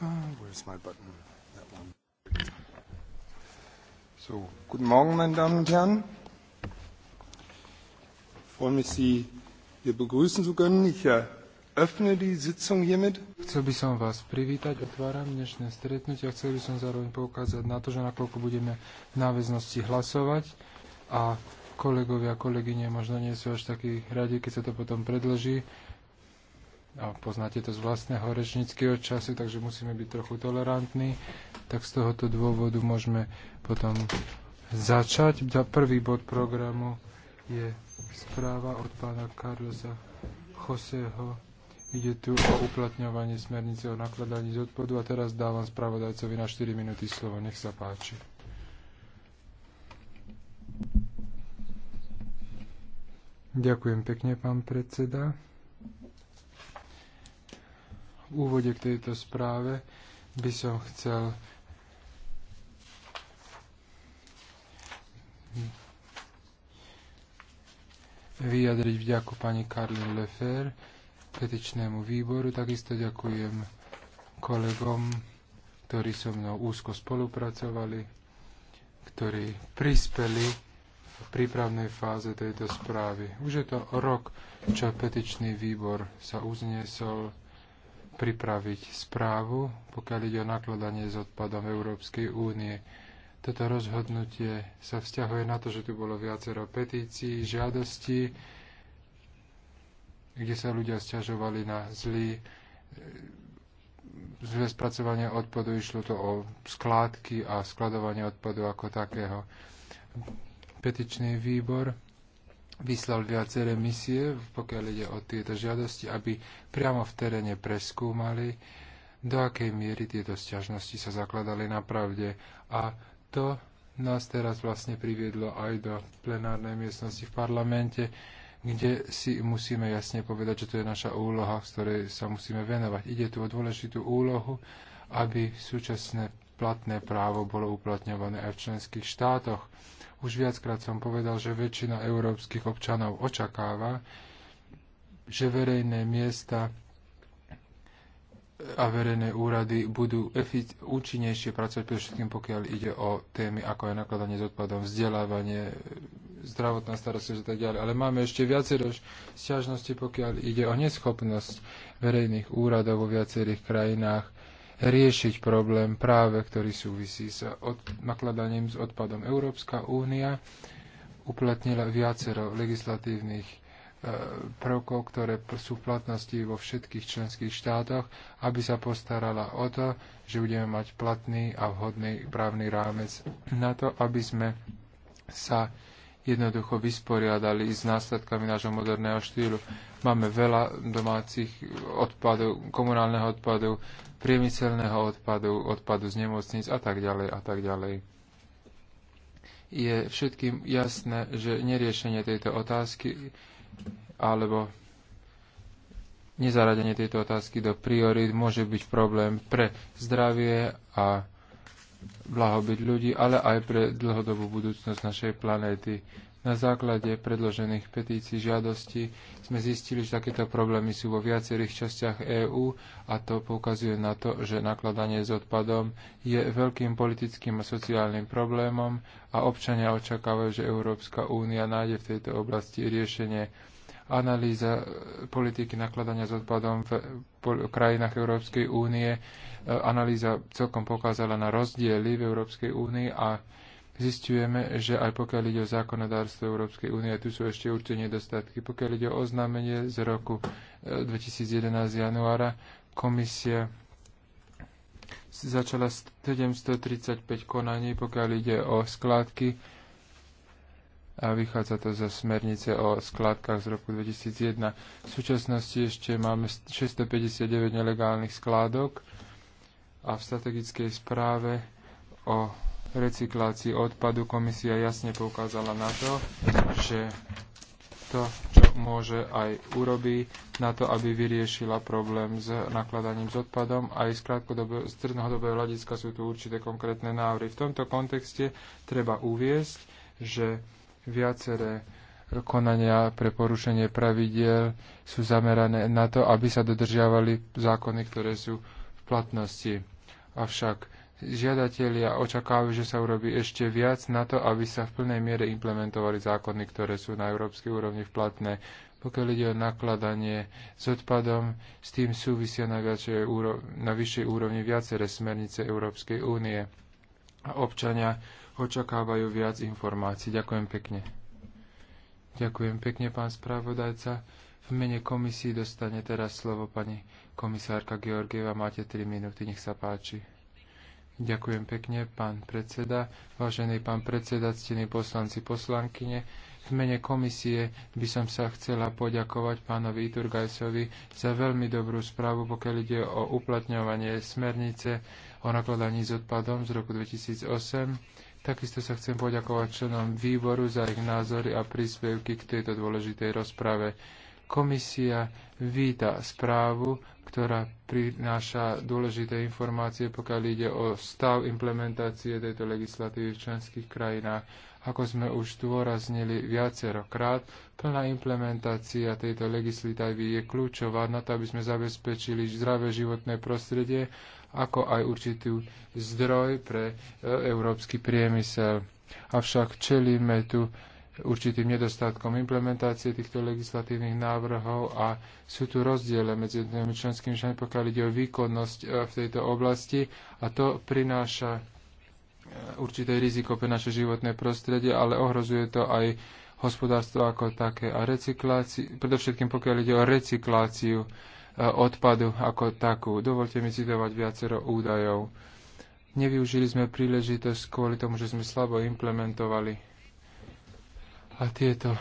Ah, where's my button? That one. So, guten Morgen, meine Damen und Herren. Ich freue mich, Sie hier begrüßen zu können. Ich eröffne äh, die Sitzung hiermit. Chcel by som vás privítať, otváram dnešné stretnutie a chcel by som zároveň poukázať na to, že nakoľko budeme v náväznosti hlasovať a kolegovia kolegyne možno nie sú až takí radi, keď sa to potom predlží, a poznáte to z vlastného rečníckého času, takže musíme byť trochu tolerantní, tak z tohoto dôvodu môžeme potom začať. Prvý bod programu je správa od pána Carlosa Joseho. Ide tu o uplatňovanie smernice o nakladaní z odpadu a teraz dávam spravodajcovi na 4 minúty slovo. Nech sa páči. Ďakujem pekne, pán predseda úvode k tejto správe by som chcel vyjadriť vďaku pani Karlin Lefer, petičnému výboru. Takisto ďakujem kolegom, ktorí so mnou úzko spolupracovali, ktorí prispeli v prípravnej fáze tejto správy. Už je to rok, čo petičný výbor sa uzniesol pripraviť správu, pokiaľ ide o nakladanie s odpadom Európskej únie. Toto rozhodnutie sa vzťahuje na to, že tu bolo viacero petícií, žiadostí, kde sa ľudia sťažovali na zlý, zlé spracovanie odpadu. Išlo to o skládky a skladovanie odpadu ako takého. Petičný výbor vyslal viaceré misie, pokiaľ ide o tieto žiadosti, aby priamo v teréne preskúmali, do akej miery tieto sťažnosti sa zakladali na pravde. A to nás teraz vlastne priviedlo aj do plenárnej miestnosti v parlamente, kde si musíme jasne povedať, že to je naša úloha, z ktorej sa musíme venovať. Ide tu o dôležitú úlohu, aby súčasné platné právo bolo uplatňované aj v členských štátoch už viackrát som povedal, že väčšina európskych občanov očakáva, že verejné miesta a verejné úrady budú účinnejšie pracovať, predovšetkým pokiaľ ide o témy, ako je nakladanie s odpadom, vzdelávanie, zdravotná starostlivosť a tak ďalej. Ale máme ešte viacero sťažnosti, pokiaľ ide o neschopnosť verejných úradov vo viacerých krajinách riešiť problém práve, ktorý súvisí s od, nakladaním s odpadom. Európska únia uplatnila viacero legislatívnych e, prvkov, ktoré sú v platnosti vo všetkých členských štátoch, aby sa postarala o to, že budeme mať platný a vhodný právny rámec na to, aby sme sa jednoducho vysporiadali s následkami nášho moderného štýlu. Máme veľa domácich odpadov, komunálneho odpadu, priemyselného odpadu, odpadu z nemocníc a tak ďalej a tak ďalej. Je všetkým jasné, že neriešenie tejto otázky alebo nezaradenie tejto otázky do priorit môže byť problém pre zdravie a blahobyt ľudí, ale aj pre dlhodobú budúcnosť našej planéty. Na základe predložených petícií žiadosti sme zistili, že takéto problémy sú vo viacerých častiach EÚ a to poukazuje na to, že nakladanie s odpadom je veľkým politickým a sociálnym problémom a občania očakávajú, že Európska únia nájde v tejto oblasti riešenie analýza e, politiky nakladania s odpadom v krajinách Európskej únie. E, analýza celkom pokázala na rozdiely v Európskej únii a zistujeme, že aj pokiaľ ide o zákonodárstvo Európskej únie, tu sú ešte určite nedostatky. Pokiaľ ide o oznámenie z roku 2011 e, januára, komisia začala 735 konaní, pokiaľ ide o skládky a vychádza to za smernice o skládkach z roku 2001. V súčasnosti ešte máme 659 nelegálnych skládok a v strategickej správe o recyklácii odpadu komisia jasne poukázala na to, že to, čo môže aj urobí na to, aby vyriešila problém s nakladaním s odpadom. Aj z, krátkodobého hľadiska sú tu určité konkrétne návry. V tomto kontexte treba uviesť, že Viaceré konania pre porušenie pravidiel sú zamerané na to, aby sa dodržiavali zákony, ktoré sú v platnosti. Avšak žiadatelia očakávajú, že sa urobí ešte viac na to, aby sa v plnej miere implementovali zákony, ktoré sú na európskej úrovni v platné. Pokiaľ ide o nakladanie s odpadom, s tým súvisia na, na vyššej úrovni viaceré smernice Európskej únie. A občania očakávajú viac informácií. Ďakujem pekne. Ďakujem pekne, pán spravodajca. V mene komisii dostane teraz slovo pani komisárka Georgieva. Máte 3 minúty, nech sa páči. Ďakujem pekne, pán predseda. Vážený pán predseda, ctení poslanci, poslankyne, v mene komisie by som sa chcela poďakovať pánovi Iturgajsovi za veľmi dobrú správu, pokiaľ ide o uplatňovanie smernice o nakladaní s odpadom z roku 2008 Takisto sa chcem poďakovať členom výboru za ich názory a príspevky k tejto dôležitej rozprave. Komisia víta správu, ktorá prináša dôležité informácie, pokiaľ ide o stav implementácie tejto legislatívy v členských krajinách. Ako sme už dôraznili viacerokrát, plná implementácia tejto legislatívy je kľúčová na to, aby sme zabezpečili zdravé životné prostredie ako aj určitú zdroj pre e, európsky priemysel. Avšak čelíme tu určitým nedostatkom implementácie týchto legislatívnych návrhov a sú tu rozdiele medzi jednými členskými štátmi, pokiaľ ide o výkonnosť e, v tejto oblasti a to prináša e, určité riziko pre naše životné prostredie, ale ohrozuje to aj hospodárstvo ako také a recykláciu, predovšetkým pokiaľ ide o recykláciu odpadu ako takú. Dovolte mi citovať viacero údajov. Nevyužili sme príležitosť kvôli tomu, že sme slabo implementovali. A tieto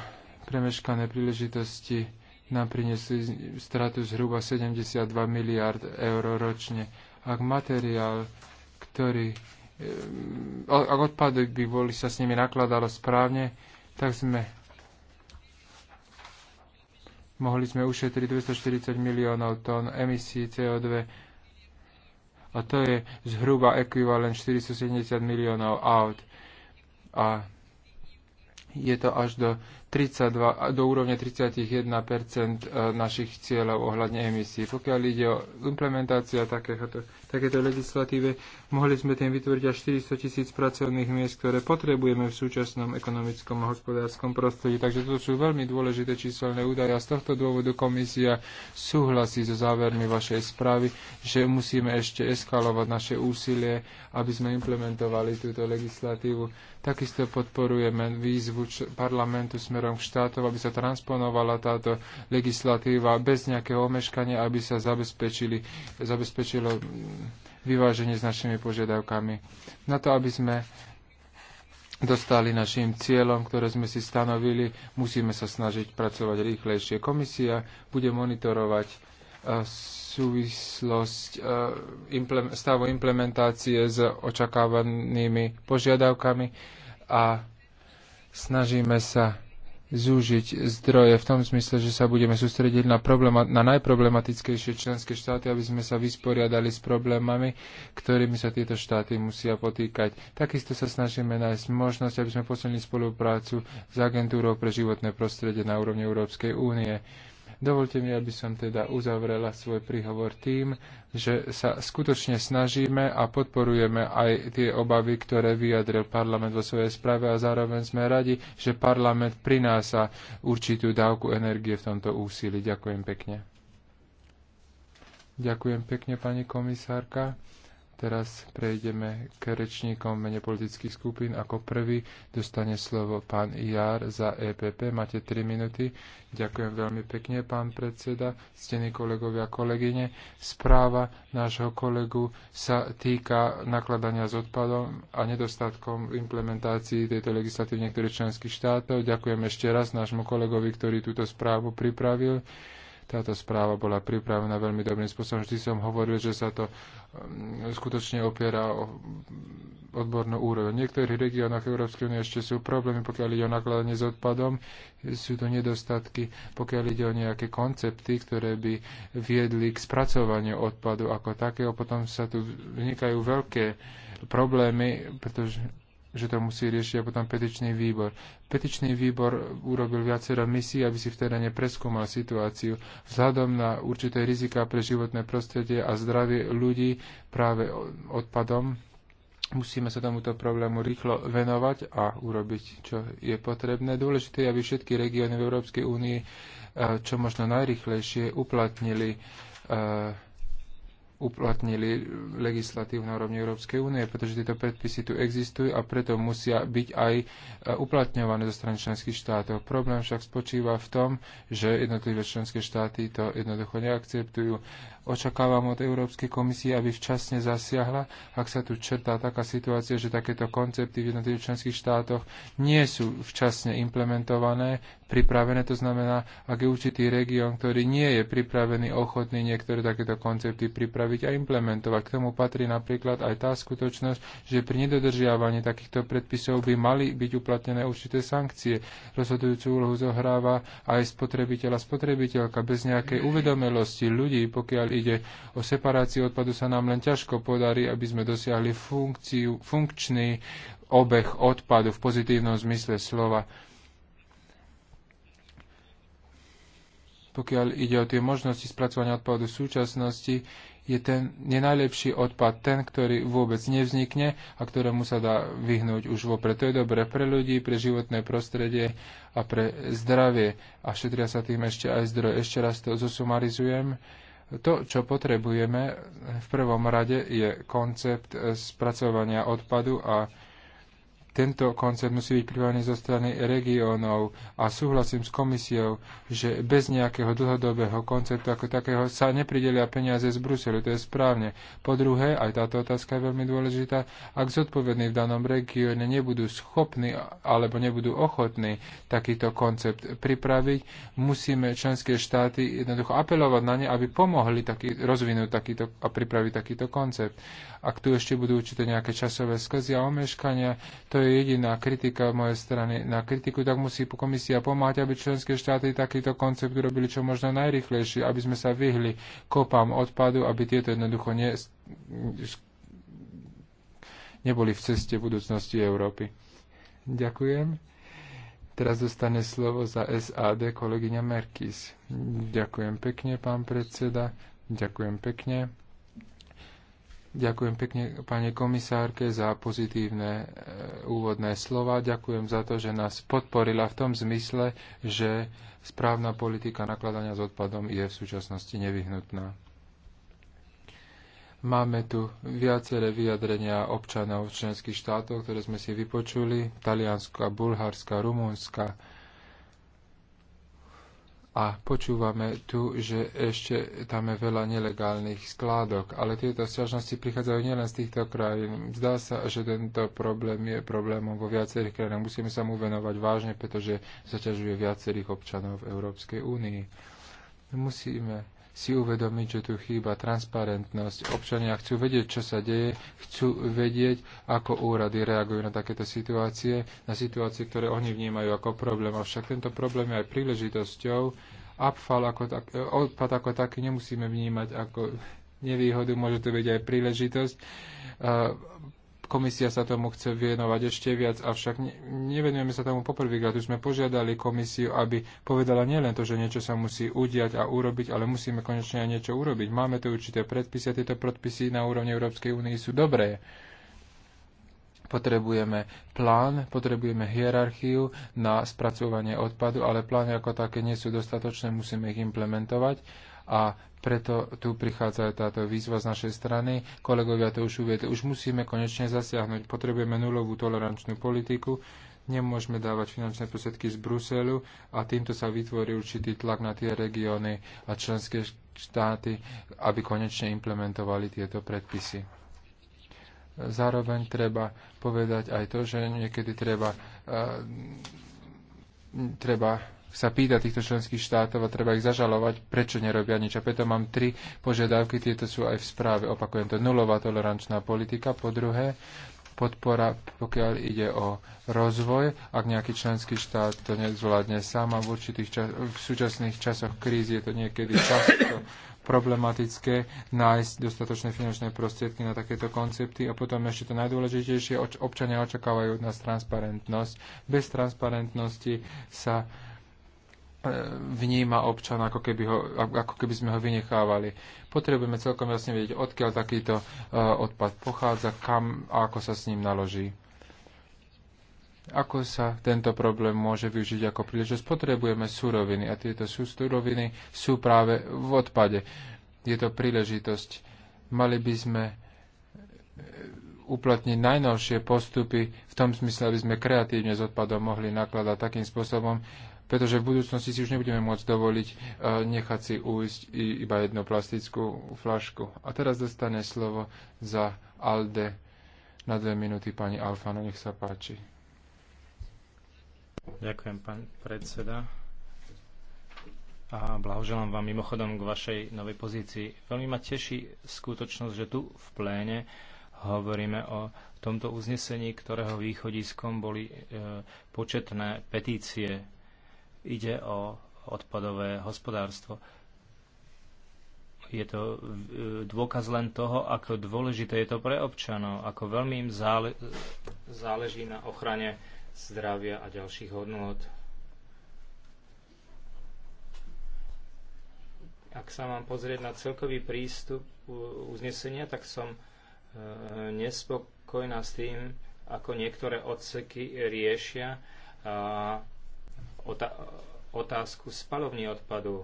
premeškané príležitosti nám priniesli stratu zhruba 72 miliard eur ročne. Ak materiál, ktorý e, ak odpady by boli sa s nimi nakladalo správne, tak sme mohli sme ušetriť 240 miliónov tón emisí CO2 a to je zhruba ekvivalent 470 miliónov aut. A je to až do 32, do úrovne 31 e, našich cieľov ohľadne emisí. Pokiaľ ide o implementácia takéto, takéto legislatíve, mohli sme tým vytvoriť až 400 tisíc pracovných miest, ktoré potrebujeme v súčasnom ekonomickom a hospodárskom prostredí. Takže to sú veľmi dôležité číselné údaje a z tohto dôvodu komisia súhlasí so závermi vašej správy, že musíme ešte eskalovať naše úsilie, aby sme implementovali túto legislatívu. Takisto podporujeme výzvu parlamentu sme smerom k štátov, aby sa transponovala táto legislatíva bez nejakého omeškania, aby sa zabezpečili, zabezpečilo vyváženie s našimi požiadavkami. Na to, aby sme dostali našim cieľom, ktoré sme si stanovili, musíme sa snažiť pracovať rýchlejšie. Komisia bude monitorovať e, súvislosť e, stavu implementácie s očakávanými požiadavkami a snažíme sa zúžiť zdroje v tom zmysle, že sa budeme sústrediť na, problema- na najproblematickejšie členské štáty, aby sme sa vysporiadali s problémami, ktorými sa tieto štáty musia potýkať. Takisto sa snažíme nájsť možnosť, aby sme posilnili spoluprácu s agentúrou pre životné prostredie na úrovni Európskej únie. Dovolte mi, aby som teda uzavrela svoj príhovor tým, že sa skutočne snažíme a podporujeme aj tie obavy, ktoré vyjadril parlament vo svojej správe a zároveň sme radi, že parlament prináša určitú dávku energie v tomto úsilí. Ďakujem pekne. Ďakujem pekne, pani komisárka. Teraz prejdeme k rečníkom mene politických skupín. Ako prvý dostane slovo pán Jar za EPP. Máte 3 minúty. Ďakujem veľmi pekne, pán predseda, stení kolegovia a kolegyne. Správa nášho kolegu sa týka nakladania s odpadom a nedostatkom implementácií tejto legislatívy niektorých členských štátov. Ďakujem ešte raz nášmu kolegovi, ktorý túto správu pripravil. Táto správa bola pripravená veľmi dobrým spôsobom. Vždy som hovoril, že sa to um, skutočne opiera o odbornú úroveň. V niektorých regiónoch Európskej únie ešte sú problémy, pokiaľ ide o nakladanie s odpadom, sú to nedostatky, pokiaľ ide o nejaké koncepty, ktoré by viedli k spracovaniu odpadu ako takého. Potom sa tu vznikajú veľké problémy, pretože že to musí riešiť a potom petičný výbor. Petičný výbor urobil viacero misií, aby si v teréne preskúmal situáciu. Vzhľadom na určité rizika pre životné prostredie a zdravie ľudí práve odpadom musíme sa tomuto problému rýchlo venovať a urobiť, čo je potrebné. Dôležité je, aby všetky regióny v Európskej únii eh, čo možno najrychlejšie uplatnili eh, uplatnili legislatívu na úrovni Európskej únie, pretože tieto predpisy tu existujú a preto musia byť aj e, uplatňované zo strany členských štátov. Problém však spočíva v tom, že jednotlivé členské štáty to jednoducho neakceptujú Očakávam od Európskej komisie, aby včasne zasiahla, ak sa tu črtá taká situácia, že takéto koncepty v jednotlivých členských štátoch nie sú včasne implementované, pripravené. To znamená, ak je určitý región, ktorý nie je pripravený, ochotný niektoré takéto koncepty pripraviť a implementovať. K tomu patrí napríklad aj tá skutočnosť, že pri nedodržiavaní takýchto predpisov by mali byť uplatnené určité sankcie. Rozhodujúcu úlohu zohráva aj spotrebiteľ a spotrebiteľka bez nejakej uvedomelosti ľudí, pokiaľ ide o separáciu odpadu, sa nám len ťažko podarí, aby sme dosiahli funkciu, funkčný obeh odpadu v pozitívnom zmysle slova. Pokiaľ ide o tie možnosti spracovania odpadu v súčasnosti, je ten je najlepší odpad ten, ktorý vôbec nevznikne a ktorému sa dá vyhnúť už vopred. To je dobré pre ľudí, pre životné prostredie a pre zdravie. A šetria sa tým ešte aj zdroje. Ešte raz to zosumarizujem. To, čo potrebujeme v prvom rade, je koncept eh, spracovania odpadu a tento koncept musí byť pripravený zo strany regiónov a súhlasím s komisiou, že bez nejakého dlhodobého konceptu ako takého sa nepridelia peniaze z Bruselu. To je správne. Po druhé, aj táto otázka je veľmi dôležitá, ak zodpovední v danom regióne nebudú schopní alebo nebudú ochotní takýto koncept pripraviť, musíme členské štáty jednoducho apelovať na ne, aby pomohli taký, rozvinúť takýto a pripraviť takýto koncept. Ak tu ešte budú určité nejaké časové sklzy a omeškania, to je je jediná kritika mojej strany. Na kritiku tak musí komisia pomáhať, aby členské štáty takýto koncept urobili čo možno najrychlejšie, aby sme sa vyhli kopám odpadu, aby tieto jednoducho ne, neboli v ceste budúcnosti Európy. Ďakujem. Teraz dostane slovo za SAD kolegyňa Merkis. Ďakujem pekne, pán predseda. Ďakujem pekne. Ďakujem pekne pani komisárke za pozitívne e, úvodné slova. Ďakujem za to, že nás podporila v tom zmysle, že správna politika nakladania s odpadom je v súčasnosti nevyhnutná. Máme tu viaceré vyjadrenia občanov členských štátov, ktoré sme si vypočuli, Talianska, Bulharska, Rumunska, a počúvame tu, že ešte tam je veľa nelegálnych skládok, ale tieto sťažnosti prichádzajú nielen z týchto krajín. Zdá sa, že tento problém je problémom vo viacerých krajinách. Musíme sa mu venovať vážne, pretože zaťažuje viacerých občanov v Európskej únii. Musíme si uvedomiť, že tu chýba transparentnosť. Občania chcú vedieť, čo sa deje, chcú vedieť, ako úrady reagujú na takéto situácie, na situácie, ktoré oni vnímajú ako problém. Avšak tento problém je aj príležitosťou. Abfal ako tak, odpad ako taký nemusíme vnímať ako nevýhodu, môže to byť aj príležitosť Komisia sa tomu chce venovať ešte viac, avšak nevenujeme sa tomu poprvýkrát. Už sme požiadali komisiu, aby povedala nielen to, že niečo sa musí udiať a urobiť, ale musíme konečne aj niečo urobiť. Máme tu určité predpisy a tieto predpisy na úrovni Európskej únie sú dobré. Potrebujeme plán, potrebujeme hierarchiu na spracovanie odpadu, ale plány ako také nie sú dostatočné, musíme ich implementovať a preto tu prichádza aj táto výzva z našej strany. Kolegovia to už uviedli. Už musíme konečne zasiahnuť. Potrebujeme nulovú tolerančnú politiku. Nemôžeme dávať finančné prostriedky z Bruselu a týmto sa vytvorí určitý tlak na tie regióny a členské štáty, aby konečne implementovali tieto predpisy. Zároveň treba povedať aj to, že niekedy treba, uh, treba sa pýta týchto členských štátov a treba ich zažalovať, prečo nerobia nič. A preto mám tri požiadavky, tieto sú aj v správe. Opakujem to, nulová tolerančná politika. Po druhé, podpora, pokiaľ ide o rozvoj, ak nejaký členský štát to nezvládne sám a v, určitých čas, v súčasných časoch krízy je to niekedy často problematické nájsť dostatočné finančné prostriedky na takéto koncepty a potom ešte to najdôležitejšie, občania očakávajú od nás transparentnosť. Bez transparentnosti sa E, vníma občan, ako keby, ho, ako keby sme ho vynechávali. Potrebujeme celkom jasne vedieť, odkiaľ takýto e, odpad pochádza, kam a ako sa s ním naloží. Ako sa tento problém môže využiť ako príležitosť? Potrebujeme suroviny a tieto sú suroviny sú práve v odpade. Je to príležitosť. Mali by sme e, uplatniť najnovšie postupy v tom smysle, aby sme kreatívne s odpadom mohli nakladať takým spôsobom, pretože v budúcnosti si už nebudeme môcť dovoliť e, nechať si uísť iba jednu plastickú flašku. A teraz dostane slovo za Alde na dve minúty pani Alfano, nech sa páči. Ďakujem, pán predseda. A blahoželám vám mimochodom k vašej novej pozícii. Veľmi ma teší skutočnosť, že tu v pléne hovoríme o tomto uznesení, ktorého východiskom boli e, početné petície Ide o odpadové hospodárstvo. Je to e, dôkaz len toho, ako dôležité je to pre občanov, ako veľmi im zále- záleží na ochrane zdravia a ďalších hodnot. Ak sa mám pozrieť na celkový prístup uznesenia, tak som e, nespokojná s tým, ako niektoré odseky riešia otázku spalovní odpadu.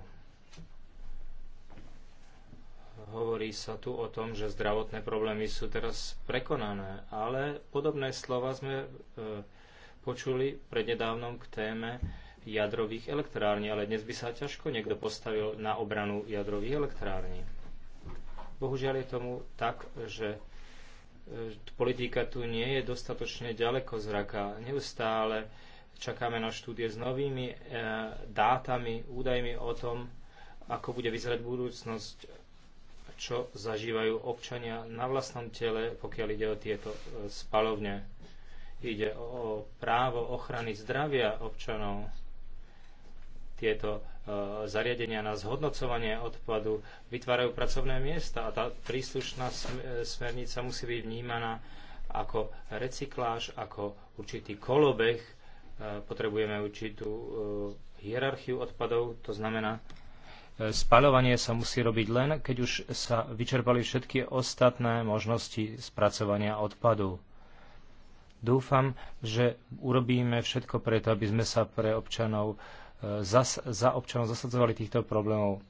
Hovorí sa tu o tom, že zdravotné problémy sú teraz prekonané, ale podobné slova sme e, počuli prednedávnom k téme jadrových elektrární, ale dnes by sa ťažko niekto postavil na obranu jadrových elektrární. Bohužiaľ je tomu tak, že e, politika tu nie je dostatočne ďaleko zraka. Neustále Čakáme na štúdie s novými eh, dátami, údajmi o tom, ako bude vyzerať budúcnosť, čo zažívajú občania na vlastnom tele, pokiaľ ide o tieto eh, spalovne. Ide o právo ochrany zdravia občanov. Tieto eh, zariadenia na zhodnocovanie odpadu vytvárajú pracovné miesta a tá príslušná smernica musí byť vnímaná ako recykláž, ako určitý kolobeh potrebujeme určitú e, hierarchiu odpadov, to znamená, e, spaľovanie sa musí robiť len, keď už sa vyčerpali všetky ostatné možnosti spracovania odpadu. Dúfam, že urobíme všetko preto, aby sme sa pre občanov, e, zas, za občanov zasadzovali týchto problémov.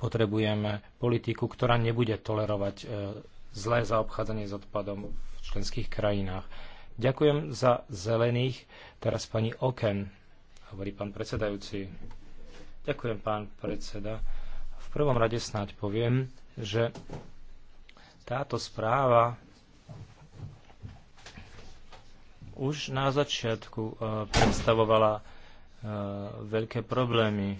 Potrebujeme politiku, ktorá nebude tolerovať zlé zaobchádzanie s odpadom v členských krajinách Ďakujem za zelených. Teraz pani Oken, hovorí pán predsedajúci. Ďakujem, pán predseda. V prvom rade snáď poviem, že táto správa už na začiatku e, predstavovala e, veľké problémy.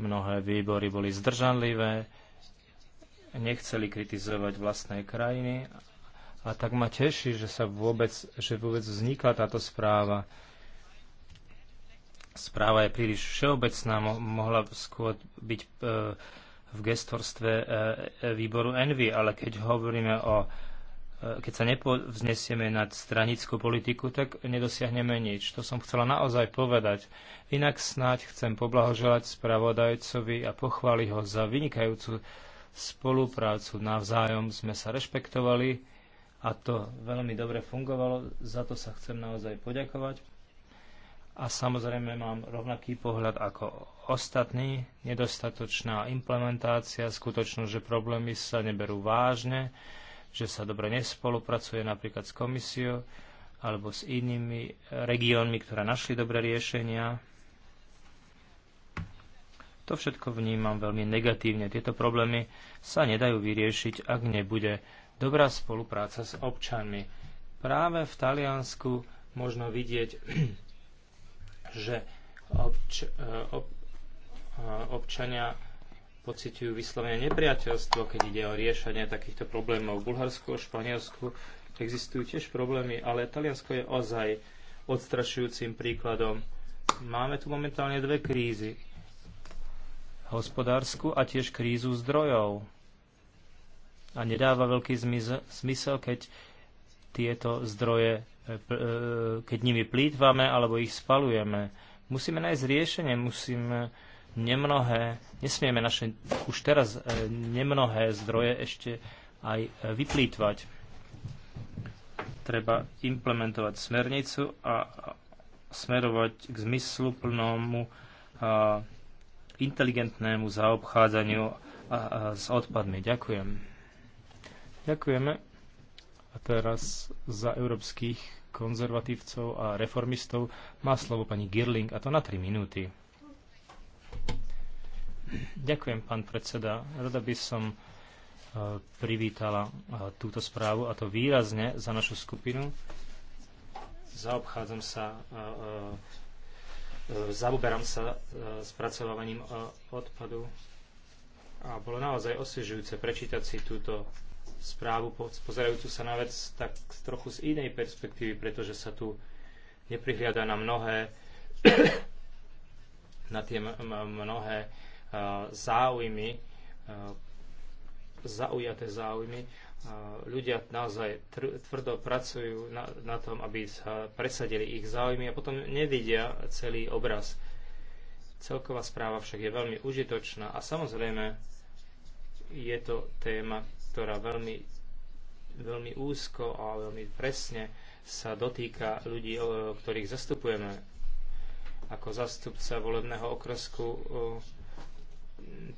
Mnohé výbory boli zdržanlivé, nechceli kritizovať vlastné krajiny a tak ma teší, že sa vôbec, že vôbec vznikla táto správa. Správa je príliš všeobecná, mo- mohla skôr byť e, v gestorstve e, e výboru Envy, ale keď hovoríme o e, keď sa nepovznesieme nad stranickú politiku, tak nedosiahneme nič. To som chcela naozaj povedať. Inak snáď chcem poblahoželať spravodajcovi a pochváliť ho za vynikajúcu spoluprácu. Navzájom sme sa rešpektovali a to veľmi dobre fungovalo, za to sa chcem naozaj poďakovať. A samozrejme mám rovnaký pohľad ako ostatní, nedostatočná implementácia, skutočnosť, že problémy sa neberú vážne, že sa dobre nespolupracuje napríklad s komisiou alebo s inými regiónmi, ktoré našli dobré riešenia. To všetko vnímam veľmi negatívne. Tieto problémy sa nedajú vyriešiť, ak nebude dobrá spolupráca s občanmi. Práve v Taliansku možno vidieť, že obč- eh, ob- eh, občania pociťujú vyslovene nepriateľstvo, keď ide o riešenie takýchto problémov. V Bulharsku a Španielsku existujú tiež problémy, ale Taliansko je ozaj odstrašujúcim príkladom. Máme tu momentálne dve krízy. Hospodársku a tiež krízu zdrojov a nedáva veľký zmysel, keď tieto zdroje, e, e, keď nimi plýtvame alebo ich spalujeme. Musíme nájsť riešenie, musíme nemnohé, nesmieme naše už teraz e, nemnohé zdroje ešte aj vyplýtvať. Treba implementovať smernicu a smerovať k zmyslu zmysluplnému inteligentnému zaobchádzaniu a, a s odpadmi. Ďakujem. Ďakujeme. A teraz za európskych konzervatívcov a reformistov má slovo pani Girling, a to na 3 minúty. Ďakujem, pán predseda. Rada by som e, privítala e, túto správu, a to výrazne za našu skupinu. Zaobchádzam sa e, zaoberám sa spracovávaním odpadu a bolo naozaj osviežujúce prečítať si túto správu pozerajúcu sa na vec tak trochu z inej perspektívy, pretože sa tu neprihliada na mnohé na tie mnohé e, záujmy, e, zaujaté záujmy. E, ľudia naozaj tvrdo pracujú na, na tom, aby sa presadili ich záujmy a potom nevidia celý obraz. Celková správa však je veľmi užitočná a samozrejme je to téma, ktorá veľmi, veľmi úzko a veľmi presne sa dotýka ľudí, ktorých zastupujeme. Ako zastupca volebného okresku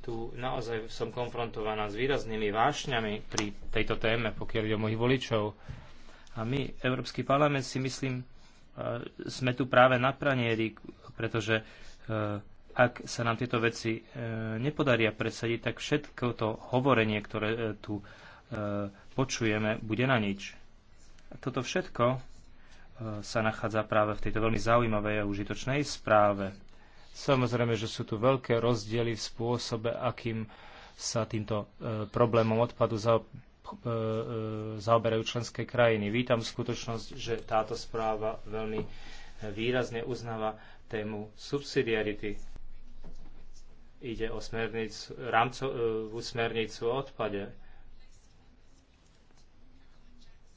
tu naozaj som konfrontovaná s výraznými vášňami pri tejto téme, pokiaľ ide o mojich voličov. A my, Európsky parlament, si myslím, e, sme tu práve na pranieri, pretože e, ak sa nám tieto veci e, nepodaria presadiť, tak všetko to hovorenie, ktoré e, tu e, počujeme, bude na nič. A toto všetko e, sa nachádza práve v tejto veľmi zaujímavej a užitočnej správe. Samozrejme, že sú tu veľké rozdiely v spôsobe, akým sa týmto e, problémom odpadu za, e, e zaoberajú členské krajiny. Vítam skutočnosť, že táto správa veľmi e, výrazne uznáva tému subsidiarity Ide o smernicu, rámcovú e, smernicu o odpade.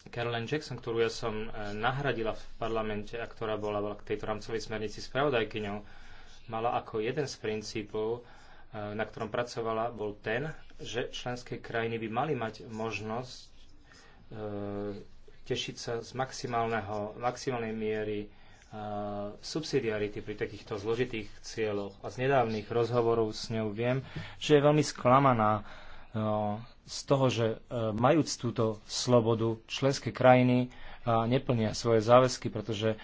Caroline Jackson, ktorú ja som e, nahradila v parlamente a ktorá bola k tejto rámcovej smernici spravodajkyňou, mala ako jeden z princípov, e, na ktorom pracovala, bol ten, že členské krajiny by mali mať možnosť tešiť sa z maximálneho, maximálnej miery subsidiarity pri takýchto zložitých cieľoch. A z nedávnych rozhovorov s ňou viem, že je veľmi sklamaná e, z toho, že e, majúc túto slobodu, členské krajiny e, neplnia svoje záväzky, pretože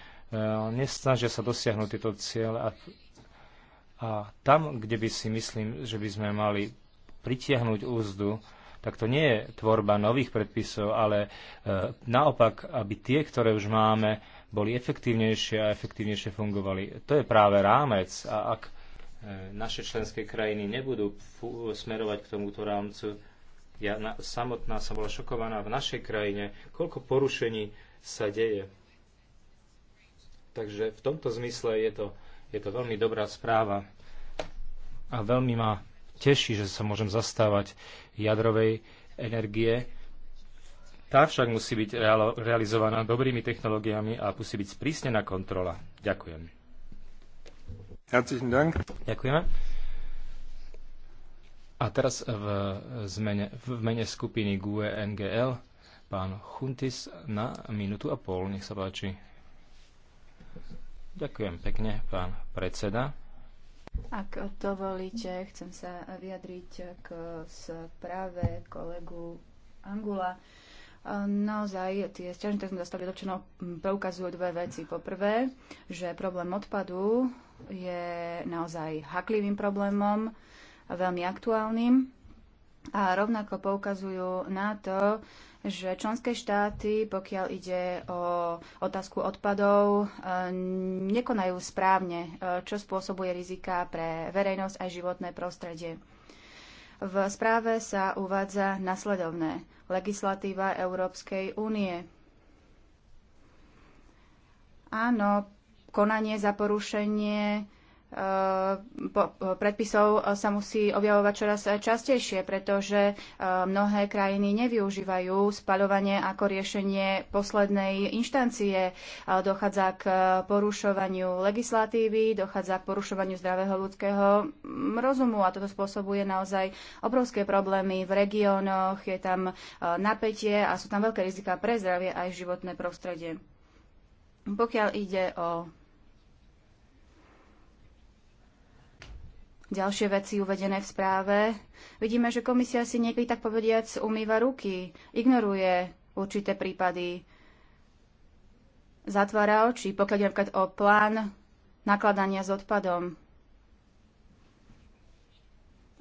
nesnažia sa dosiahnuť tieto cieľe. A, a tam, kde by si myslím, že by sme mali pritiahnuť úzdu, tak to nie je tvorba nových predpisov, ale naopak, aby tie, ktoré už máme, boli efektívnejšie a efektívnejšie fungovali. To je práve rámec a ak e, naše členské krajiny nebudú smerovať k tomuto rámcu, ja na, samotná som bola šokovaná v našej krajine, koľko porušení sa deje. Takže v tomto zmysle je to, je to veľmi dobrá správa a veľmi ma teší, že sa môžem zastávať jadrovej energie tá však musí byť realizovaná dobrými technológiami a musí byť sprísnená kontrola. Ďakujem. Dank. Ďakujeme. A teraz v, zmene, v mene skupiny GUE NGL pán Chuntis na minútu a pol. Nech sa páči. Ďakujem pekne, pán predseda. Ak dovolíte, chcem sa vyjadriť k správe kolegu Angula. Naozaj tie stiažnosti, ktoré sme dostali od občanov, preukazujú dve veci. Po prvé, že problém odpadu je naozaj haklivým problémom, veľmi aktuálnym a rovnako poukazujú na to, že členské štáty, pokiaľ ide o otázku odpadov, e, nekonajú správne, e, čo spôsobuje rizika pre verejnosť aj životné prostredie. V správe sa uvádza nasledovné legislatíva Európskej únie. Áno, konanie za porušenie predpisov sa musí objavovať čoraz častejšie, pretože e, mnohé krajiny nevyužívajú spaľovanie ako riešenie poslednej inštancie. E, dochádza k e, porušovaniu legislatívy, dochádza k porušovaniu zdravého ľudského rozumu a toto spôsobuje naozaj obrovské problémy v regiónoch, je tam napätie a sú tam veľké rizika pre zdravie aj životné prostredie. Pokiaľ ide o ďalšie veci uvedené v správe, vidíme, že komisia si niekedy tak povediac umýva ruky, ignoruje určité prípady, zatvára oči, pokiaľ je napríklad o plán nakladania s odpadom.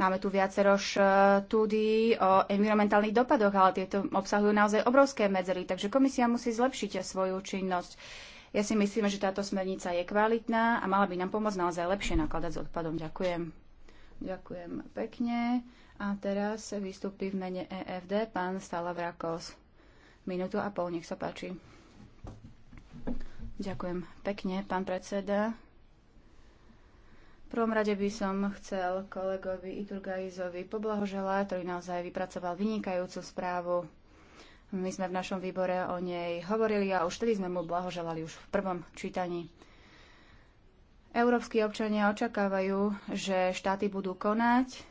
Máme tu viacero štúdií o environmentálnych dopadoch, ale tieto obsahujú naozaj obrovské medzery, takže komisia musí zlepšiť svoju činnosť. Ja si myslím, že táto smernica je kvalitná a mala by nám pomôcť naozaj lepšie nakladať s odpadom. Ďakujem. Ďakujem pekne. A teraz vystúpi v mene EFD pán Stalavrakos. Minútu a pol, nech sa páči. Ďakujem pekne, pán predseda. V prvom rade by som chcel kolegovi Iturgaizovi poblahoželať, ktorý naozaj vypracoval vynikajúcu správu. My sme v našom výbore o nej hovorili a už tedy sme mu blahoželali už v prvom čítaní. Európsky občania očakávajú, že štáty budú konať,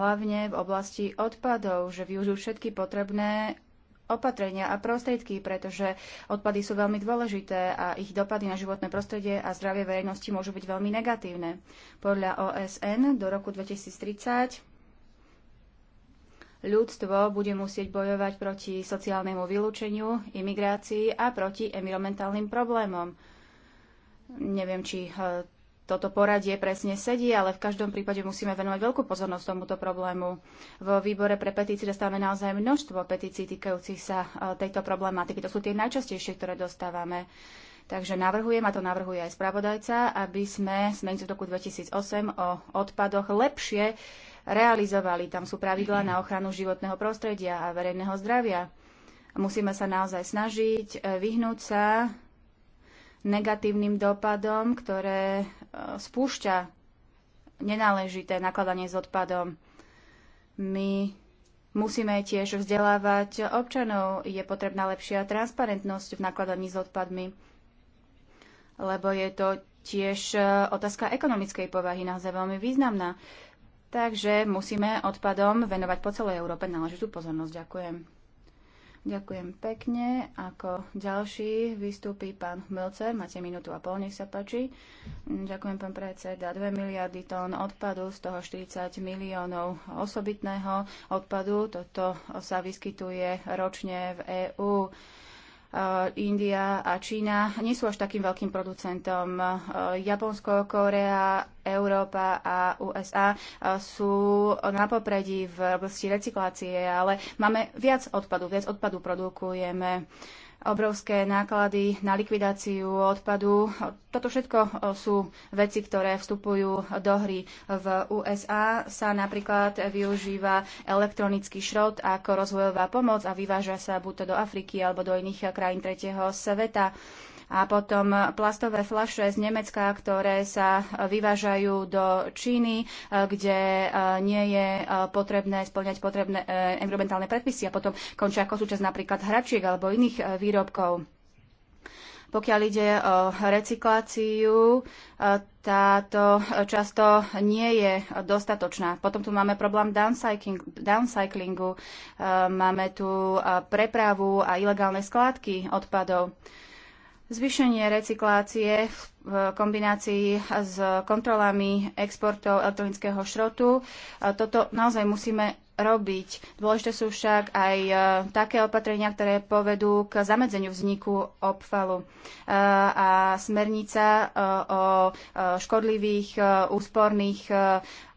hlavne v oblasti odpadov, že využijú všetky potrebné opatrenia a prostriedky, pretože odpady sú veľmi dôležité a ich dopady na životné prostredie a zdravie verejnosti môžu byť veľmi negatívne. Podľa OSN do roku 2030 ľudstvo bude musieť bojovať proti sociálnemu vylúčeniu, imigrácii a proti environmentálnym problémom. Neviem, či e, toto poradie presne sedí, ale v každom prípade musíme venovať veľkú pozornosť tomuto problému. V výbore pre petície dostávame naozaj množstvo petícií týkajúcich sa e, tejto problematiky. To sú tie najčastejšie, ktoré dostávame. Takže navrhujem, a to navrhuje aj spravodajca, aby sme smernicu v roku 2008 o odpadoch lepšie realizovali. Tam sú pravidlá na ochranu životného prostredia a verejného zdravia. Musíme sa naozaj snažiť e, vyhnúť sa negatívnym dopadom, ktoré e, spúšťa nenáležité nakladanie s odpadom. My musíme tiež vzdelávať občanov. Je potrebná lepšia transparentnosť v nakladaní s odpadmi, lebo je to tiež e, otázka ekonomickej povahy naozaj veľmi významná. Takže musíme odpadom venovať po celej Európe náležitú pozornosť. Ďakujem. Ďakujem pekne. Ako ďalší vystúpi pán Milcer. Máte minútu a pol, nech sa páči. Ďakujem, pán predseda. 2 miliardy tón odpadu, z toho 40 miliónov osobitného odpadu. Toto sa vyskytuje ročne v EÚ. Eh, India a Čína nie sú až takým veľkým producentom. Eh, Japonsko, Korea, Európa a USA eh, sú na popredí v oblasti recyklácie, ale máme viac odpadu, viac odpadu produkujeme obrovské náklady na likvidáciu odpadu toto všetko e, sú veci, ktoré vstupujú do hry. V USA sa napríklad využíva elektronický šrot ako rozvojová pomoc a vyváža sa buď to do Afriky alebo do iných krajín tretieho sveta a potom plastové flaše z Nemecka, ktoré sa vyvážajú do Číny, e, kde e, nie je potrebné splňať potrebné environmentálne predpisy a potom končia ako súčasť napríklad hračiek alebo iných výrobkov. Pokiaľ ide o recykláciu, e, táto často nie je dostatočná. Potom tu máme problém downcycling, downcyclingu, e, máme tu e, prepravu a ilegálne skládky odpadov. Zvýšenie recyklácie v kombinácii s kontrolami exportov elektronického šrotu. Toto naozaj musíme robiť. Dôležité sú však aj e, také opatrenia, ktoré povedú k zamedzeniu vzniku obfalu. E, a smernica e, o škodlivých úsporných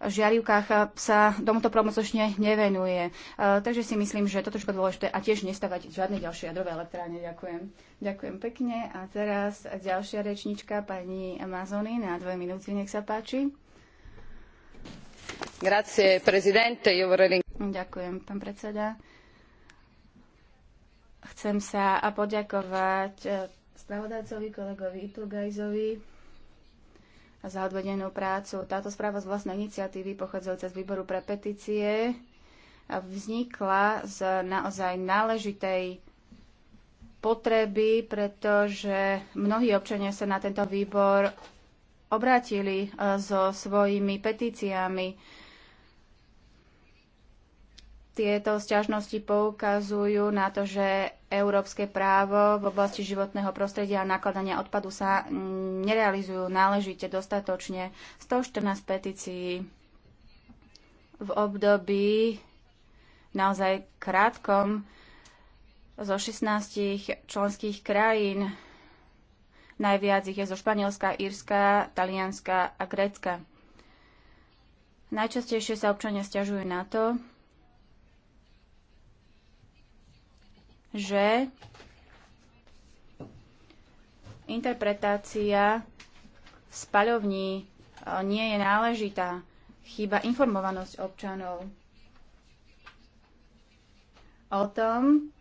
žiarivkách sa tomuto promocočne nevenuje. Takže si myslím, že toto je dôležité a tiež nestavať žiadne ďalšie jadrové elektrárne. Ďakujem. Ďakujem pekne. A teraz ďalšia rečnička, pani Amazony, na dve minúty, nech sa páči. Grazie, Presidente. Io vorrei Ďakujem, pán predseda. Chcem sa poďakovať e, spravodajcovi, kolegovi Iturgajzovi za odvedenú prácu. Táto správa z vlastnej iniciatívy pochádzajúca z výboru pre petície e, vznikla z naozaj náležitej potreby, pretože mnohí občania sa na tento výbor obrátili e, so svojimi petíciami tieto sťažnosti poukazujú na to, že európske právo v oblasti životného prostredia a nakladania odpadu sa nerealizujú náležite dostatočne. 114 petícií v období naozaj krátkom zo 16 členských krajín. Najviac ich je zo Španielska, Írska, Talianska a Grécka. Najčastejšie sa občania stiažujú na to, že interpretácia spaľovní e, nie je náležitá. Chýba informovanosť občanov o tom,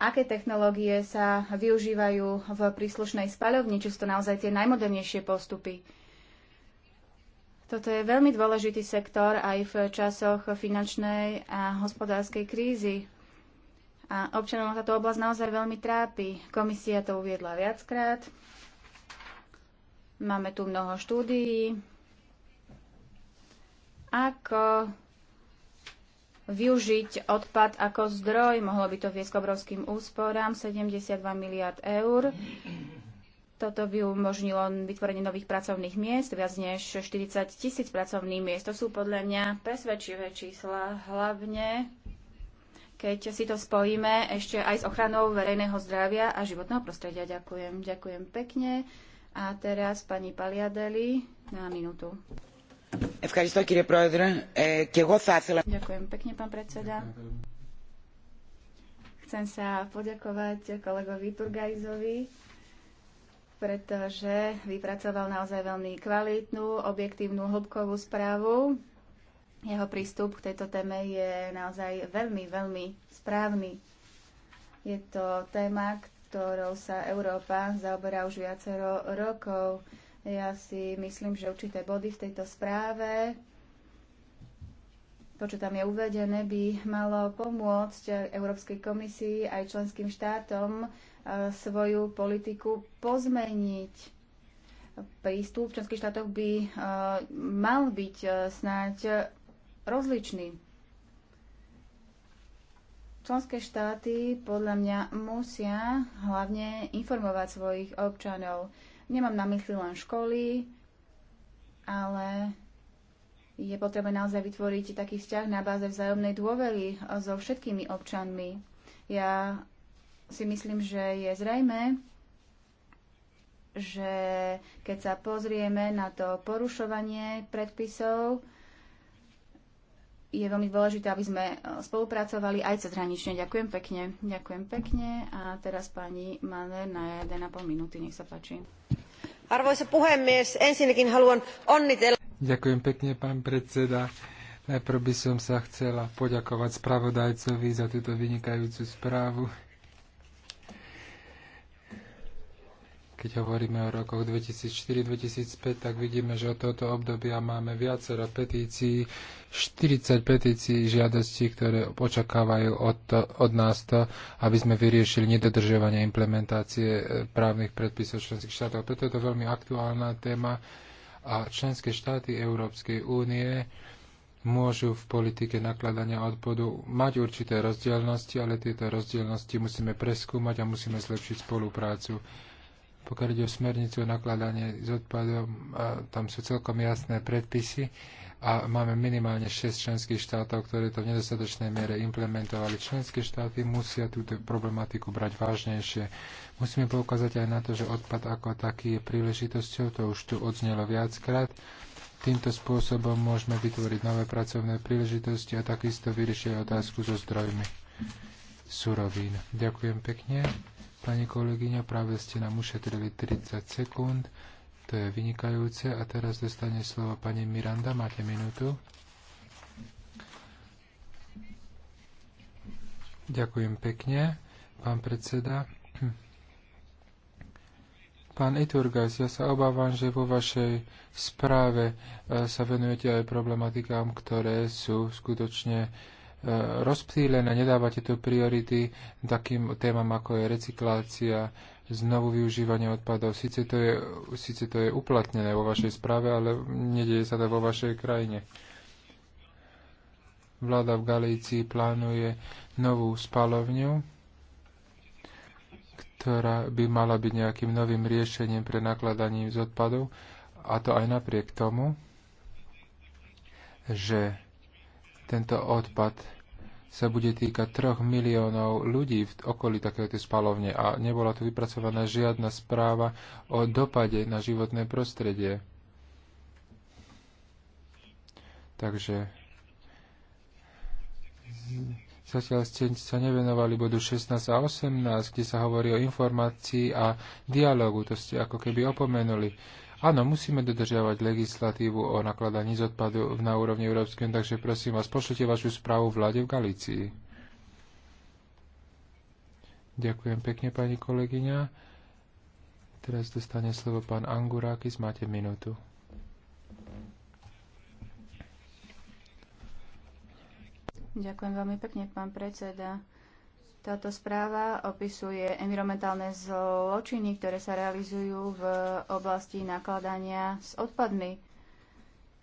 aké technológie sa využívajú v príslušnej spaľovni, či sú to naozaj tie najmodernejšie postupy. Toto je veľmi dôležitý sektor aj v časoch finančnej a hospodárskej krízy. A občanov táto oblasť naozaj veľmi trápi. Komisia to uviedla viackrát. Máme tu mnoho štúdií. Ako využiť odpad ako zdroj. Mohlo by to viesť k obrovským úsporám 72 miliard eur. Toto by umožnilo vytvorenie nových pracovných miest, viac než 40 tisíc pracovných miest. To sú podľa mňa presvedčivé čísla, hlavne keď si to spojíme ešte aj s ochranou verejného zdravia a životného prostredia. Ďakujem. Ďakujem pekne. A teraz pani Paliadeli na minútu. Ďakujem pekne, pán predseda. Chcem sa poďakovať kolegovi Turgajzovi, pretože vypracoval naozaj veľmi kvalitnú, objektívnu, hĺbkovú správu jeho prístup k tejto téme je naozaj veľmi, veľmi správny. Je to téma, ktorou sa Európa zaoberá už viacero rokov. Ja si myslím, že určité body v tejto správe, to, čo tam je uvedené, by malo pomôcť Európskej komisii aj členským štátom e, svoju politiku pozmeniť prístup v členských štátoch by e, mal byť e, snáď rozličný. Členské štáty podľa mňa musia hlavne informovať svojich občanov. Nemám na mysli len školy, ale je potrebné naozaj vytvoriť taký vzťah na báze vzájomnej dôvery so všetkými občanmi. Ja si myslím, že je zrejme, že keď sa pozrieme na to porušovanie predpisov, je veľmi dôležité, aby sme e, spolupracovali aj cez hranične. Ďakujem pekne. Ďakujem pekne. A teraz pani Maner na 1,5 minúty. Nech sa páči. Arvoisa puhemies, ensinnäkin haluan onnitella. Ďakujem pekne, pán predseda. Najprv by som sa chcela poďakovať spravodajcovi za túto vynikajúcu správu. Keď hovoríme o rokoch 2004-2005, tak vidíme, že od tohoto obdobia máme viacero petícií, 40 petícií žiadostí, ktoré očakávajú od, to, od nás to, aby sme vyriešili nedodržovanie implementácie e, právnych predpisov členských štátov. Preto je to veľmi aktuálna téma a členské štáty Európskej únie môžu v politike nakladania odpadu mať určité rozdielnosti, ale tieto rozdielnosti musíme preskúmať a musíme zlepšiť spoluprácu. Pokiaľ ide o smernicu o nakladanie s odpadom, tam sú celkom jasné predpisy a máme minimálne 6 členských štátov, ktoré to v nedostatočnej miere implementovali. Členské štáty musia túto problematiku brať vážnejšie. Musíme poukázať aj na to, že odpad ako taký je príležitosťou, to už tu odznelo viackrát. Týmto spôsobom môžeme vytvoriť nové pracovné príležitosti a takisto vyriešiť otázku so zdrojmi surovín. Ďakujem pekne. Pani kolegyňa, práve ste nám ušetrili 30 sekúnd. To je vynikajúce. A teraz dostane slovo pani Miranda. Máte minútu. Ďakujem pekne, pán predseda. Pán Iturgas, ja sa obávam, že vo vašej správe eh, sa venujete aj problematikám, ktoré sú skutočne E, rozptýlené, nedávate tu priority takým témam, ako je recyklácia, znovu využívanie odpadov. Sice to je, sice to je uplatnené vo vašej správe, ale nedieje sa to vo vašej krajine. Vláda v Galícii plánuje novú spalovňu, ktorá by mala byť nejakým novým riešením pre nakladanie z odpadov, a to aj napriek tomu, že tento odpad sa bude týkať troch miliónov ľudí v okolí takéto spalovne a nebola tu vypracovaná žiadna správa o dopade na životné prostredie. Takže zatiaľ ste sa nevenovali bodu 16 a 18, kde sa hovorí o informácii a dialogu. To ste ako keby opomenuli. Áno, musíme dodržiavať legislatívu o nakladaní z odpadu na úrovni Európskej takže prosím vás, pošlite vašu správu vláde v Galícii. Ďakujem pekne, pani kolegyňa. Teraz dostane slovo pán Angurákis, máte minútu. Ďakujem veľmi pekne, pán predseda. Táto správa opisuje environmentálne zločiny, ktoré sa realizujú v oblasti nakladania s odpadmi.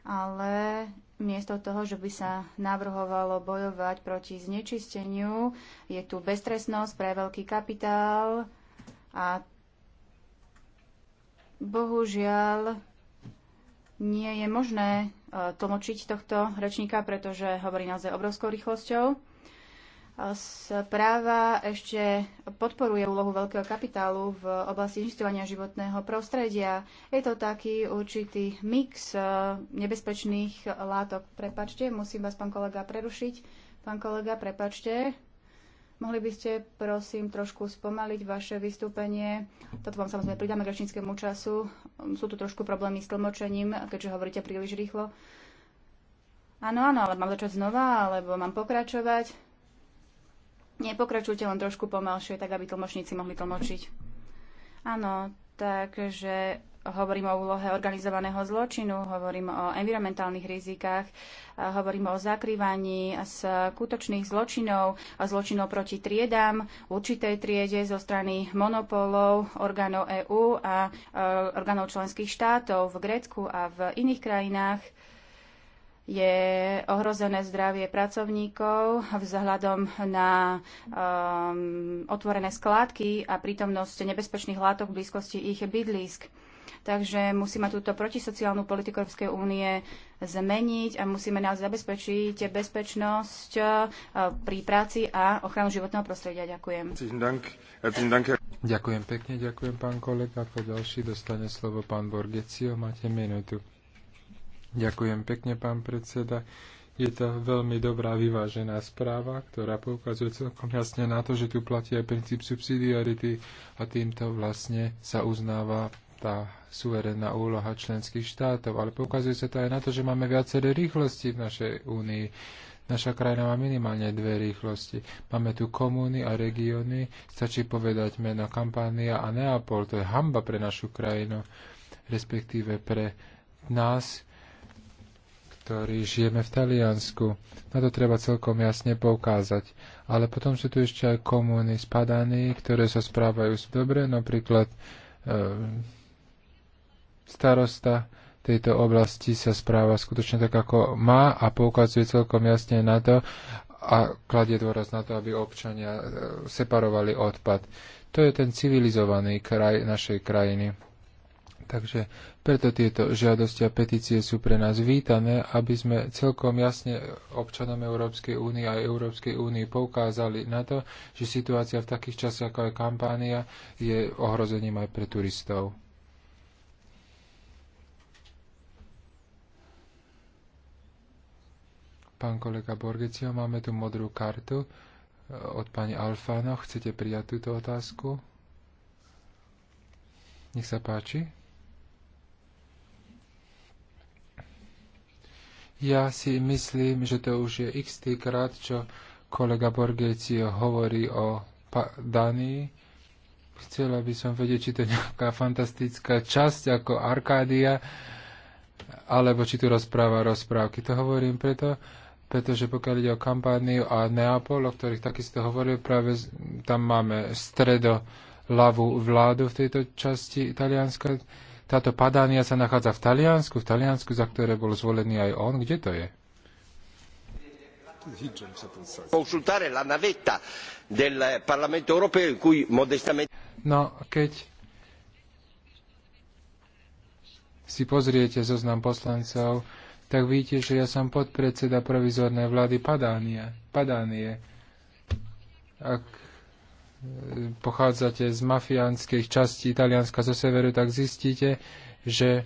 Ale miesto toho, že by sa navrhovalo bojovať proti znečisteniu, je tu beztresnosť pre veľký kapitál a bohužiaľ nie je možné eh, tlmočiť tohto rečníka, pretože hovorí naozaj obrovskou rýchlosťou. Správa ešte podporuje úlohu veľkého kapitálu v oblasti inštitovania životného prostredia. Je to taký určitý mix e, nebezpečných látok. Prepačte, musím vás, pán kolega, prerušiť. Pán kolega, prepačte. Mohli by ste, prosím, trošku spomaliť vaše vystúpenie. Toto vám samozrejme pridáme k rečníckému času. Sú tu trošku problémy s tlmočením, keďže hovoríte príliš rýchlo. Áno, áno, ale mám začať znova, alebo mám pokračovať. Nepokračujte len trošku pomalšie, tak aby tlmočníci mohli tlmočiť. Áno, takže hovorím o úlohe organizovaného zločinu, hovorím o environmentálnych rizikách, hovorím o zakrývaní skutočných zločinov, a zločinov proti triedám, určitej triede zo strany monopolov orgánov EÚ a e, orgánov členských štátov v Grécku a v iných krajinách je ohrozené zdravie pracovníkov vzhľadom na um, otvorené skládky a prítomnosť nebezpečných látok v blízkosti ich bydlísk. Takže musíme túto protisociálnu politiku Európskej únie zmeniť a musíme nás zabezpečiť bezpečnosť uh, pri práci a ochranu životného prostredia. Ďakujem. Ďakujem pekne, ďakujem pán kolega. Ako ďalší dostane slovo pán Borgecio. Máte minútu. Ďakujem pekne, pán predseda. Je to veľmi dobrá vyvážená správa, ktorá poukazuje celkom jasne na to, že tu platí aj princíp subsidiarity a týmto vlastne sa uznáva tá suverénna úloha členských štátov. Ale poukazuje sa to aj na to, že máme viaceré rýchlosti v našej únii. Naša krajina má minimálne dve rýchlosti. Máme tu komúny a regióny. Stačí povedať meno Kampánia a Neapol. To je hamba pre našu krajinu, respektíve pre nás, ktorí žijeme v Taliansku. Na to treba celkom jasne poukázať. Ale potom sú tu ešte aj komúny spadaní, ktoré sa správajú dobre, napríklad e, starosta tejto oblasti sa správa skutočne tak, ako má a poukazuje celkom jasne na to a kladie dôraz na to, aby občania e, separovali odpad. To je ten civilizovaný kraj našej krajiny. Takže preto tieto žiadosti a petície sú pre nás vítané, aby sme celkom jasne občanom Európskej únie a Európskej únie poukázali na to, že situácia v takých časoch ako je kampánia je ohrozením aj pre turistov. Pán kolega Borgecio, máme tu modrú kartu eh, od pani Alfano. Chcete prijať túto otázku? Nech sa páči. Ja si myslím, že to už je x krát, čo kolega Borgeci hovorí o Danii. Chcela by som vedieť, či to je nejaká fantastická časť ako Arkádia, alebo či tu rozpráva rozprávky. To hovorím preto, pretože pokiaľ ide o kampániu a Neapol, o ktorých takisto hovoril, práve tam máme stredo ľavú vládu v tejto časti Talianska táto padánia sa nachádza v Taliansku, v Taliansku, za ktoré bol zvolený aj on. Kde to je? No, keď si pozriete zoznam poslancov, tak vidíte, že ja som podpredseda provizornej vlády Padánie. Padánie. Ak pochádzate z mafiánskej časti Talianska zo severu, tak zistíte, že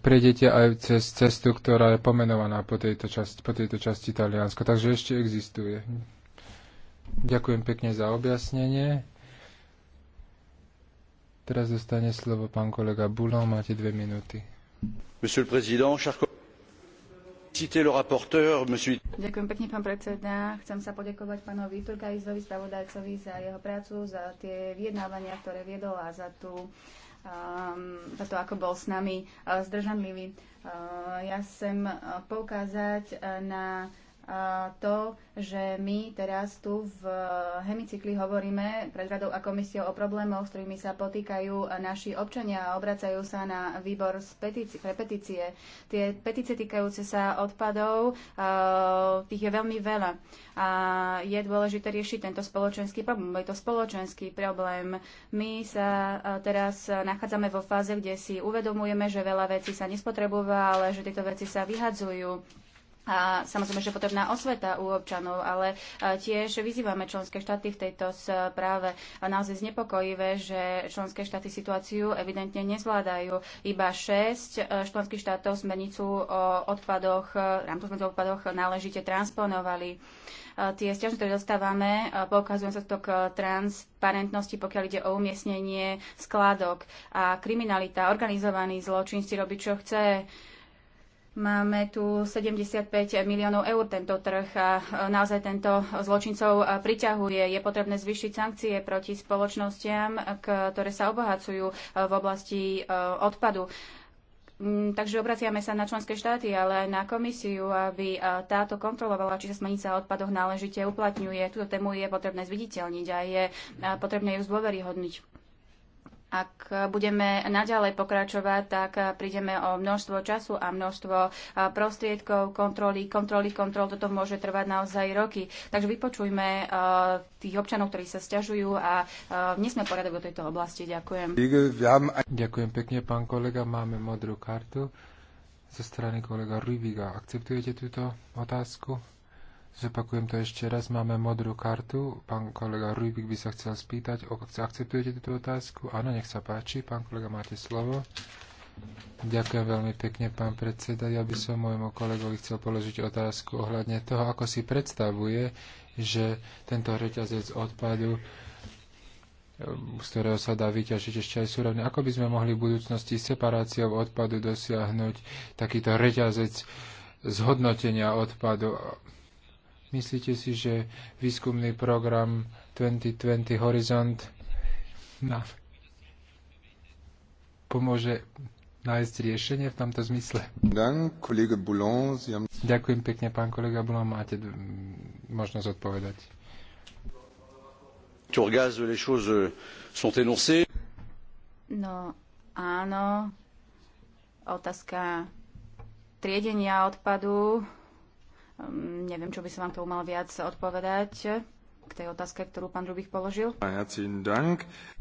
prejdete aj cez cestu, ktorá je pomenovaná po tejto časti, po tejto časti Talianska. Takže ešte existuje. Ďakujem pekne za objasnenie. Teraz dostane slovo pán kolega Bulo. Máte dve minúty. Monsieur le président, chers féliciter le rapporteur, monsieur... Ďakujem pekne, pán predseda. Chcem sa poďakovať pánovi Turkajzovi, spravodajcovi za jeho prácu, za tie vyjednávania, ktoré viedol a za tú um, za to, ako bol s nami uh, zdržanlivý. Uh, ja chcem uh, poukázať uh, na uh, to, že my teraz tu v eh, hemicykli hovoríme pred radou a komisiou o problémoch, s ktorými sa potýkajú naši občania a obracajú sa na výbor z petíci- pre petície. Tie petície týkajúce sa odpadov, eh, tých je veľmi veľa. A je dôležité riešiť tento spoločenský problém. Je to spoločenský problém. My sa eh, teraz nachádzame vo fáze, kde si uvedomujeme, že veľa vecí sa nespotrebuje, ale že tieto veci sa vyhadzujú a samozrejme, že potrebná osveta u občanov, ale e, tiež vyzývame členské štáty v tejto správe. A naozaj znepokojivé, že členské štáty situáciu evidentne nezvládajú. Iba 6 e, členských štátov smernicu o odpadoch, e, rámcu smernicu o odpadoch náležite transponovali. Tie stiažnosti, ktoré dostávame, poukazujú sa to k transparentnosti, pokiaľ ide o umiestnenie skladok. A kriminalita, organizovaný zločin si robí, čo chce Máme tu 75 miliónov eur tento trh a naozaj tento zločincov priťahuje. Je potrebné zvyšiť sankcie proti spoločnostiam, ktoré sa obohacujú v oblasti odpadu. Mm, takže obraciame sa na členské štáty, ale aj na komisiu, aby táto kontrolovala, či sa smenica o odpadoch náležite uplatňuje. Túto tému je potrebné zviditeľniť a je potrebné ju zdôveryhodniť ak budeme naďalej pokračovať, tak prídeme o množstvo času a množstvo prostriedkov, kontroly, kontroly, kontrol. Toto môže trvať naozaj roky. Takže vypočujme tých občanov, ktorí sa stiažujú a nesme poriadok do tejto oblasti. Ďakujem. Ďakujem pekne, pán kolega. Máme modrú kartu zo strany kolega Rubiga. Akceptujete túto otázku? Zopakujem to ešte raz. Máme modrú kartu. Pán kolega Rubik by sa chcel spýtať, akceptujete túto otázku? Áno, nech sa páči. Pán kolega, máte slovo. Ďakujem veľmi pekne, pán predseda. Ja by som môjmu kolegovi chcel položiť otázku ohľadne toho, ako si predstavuje, že tento reťazec odpadu z ktorého sa dá vyťažiť ešte aj súrovne. Ako by sme mohli v budúcnosti separáciou odpadu dosiahnuť takýto reťazec zhodnotenia odpadu? Myslíte si, že výskumný program 2020 Horizont na, pomôže nájsť riešenie v tomto zmysle? Ďakujem pekne, pán kolega Boulon, máte možnosť odpovedať. Euh, no, áno, otázka triedenia odpadu Ehm, neviem, čo by som vám to mal viac odpovedať k tej otázke, ktorú pán Rubich položil.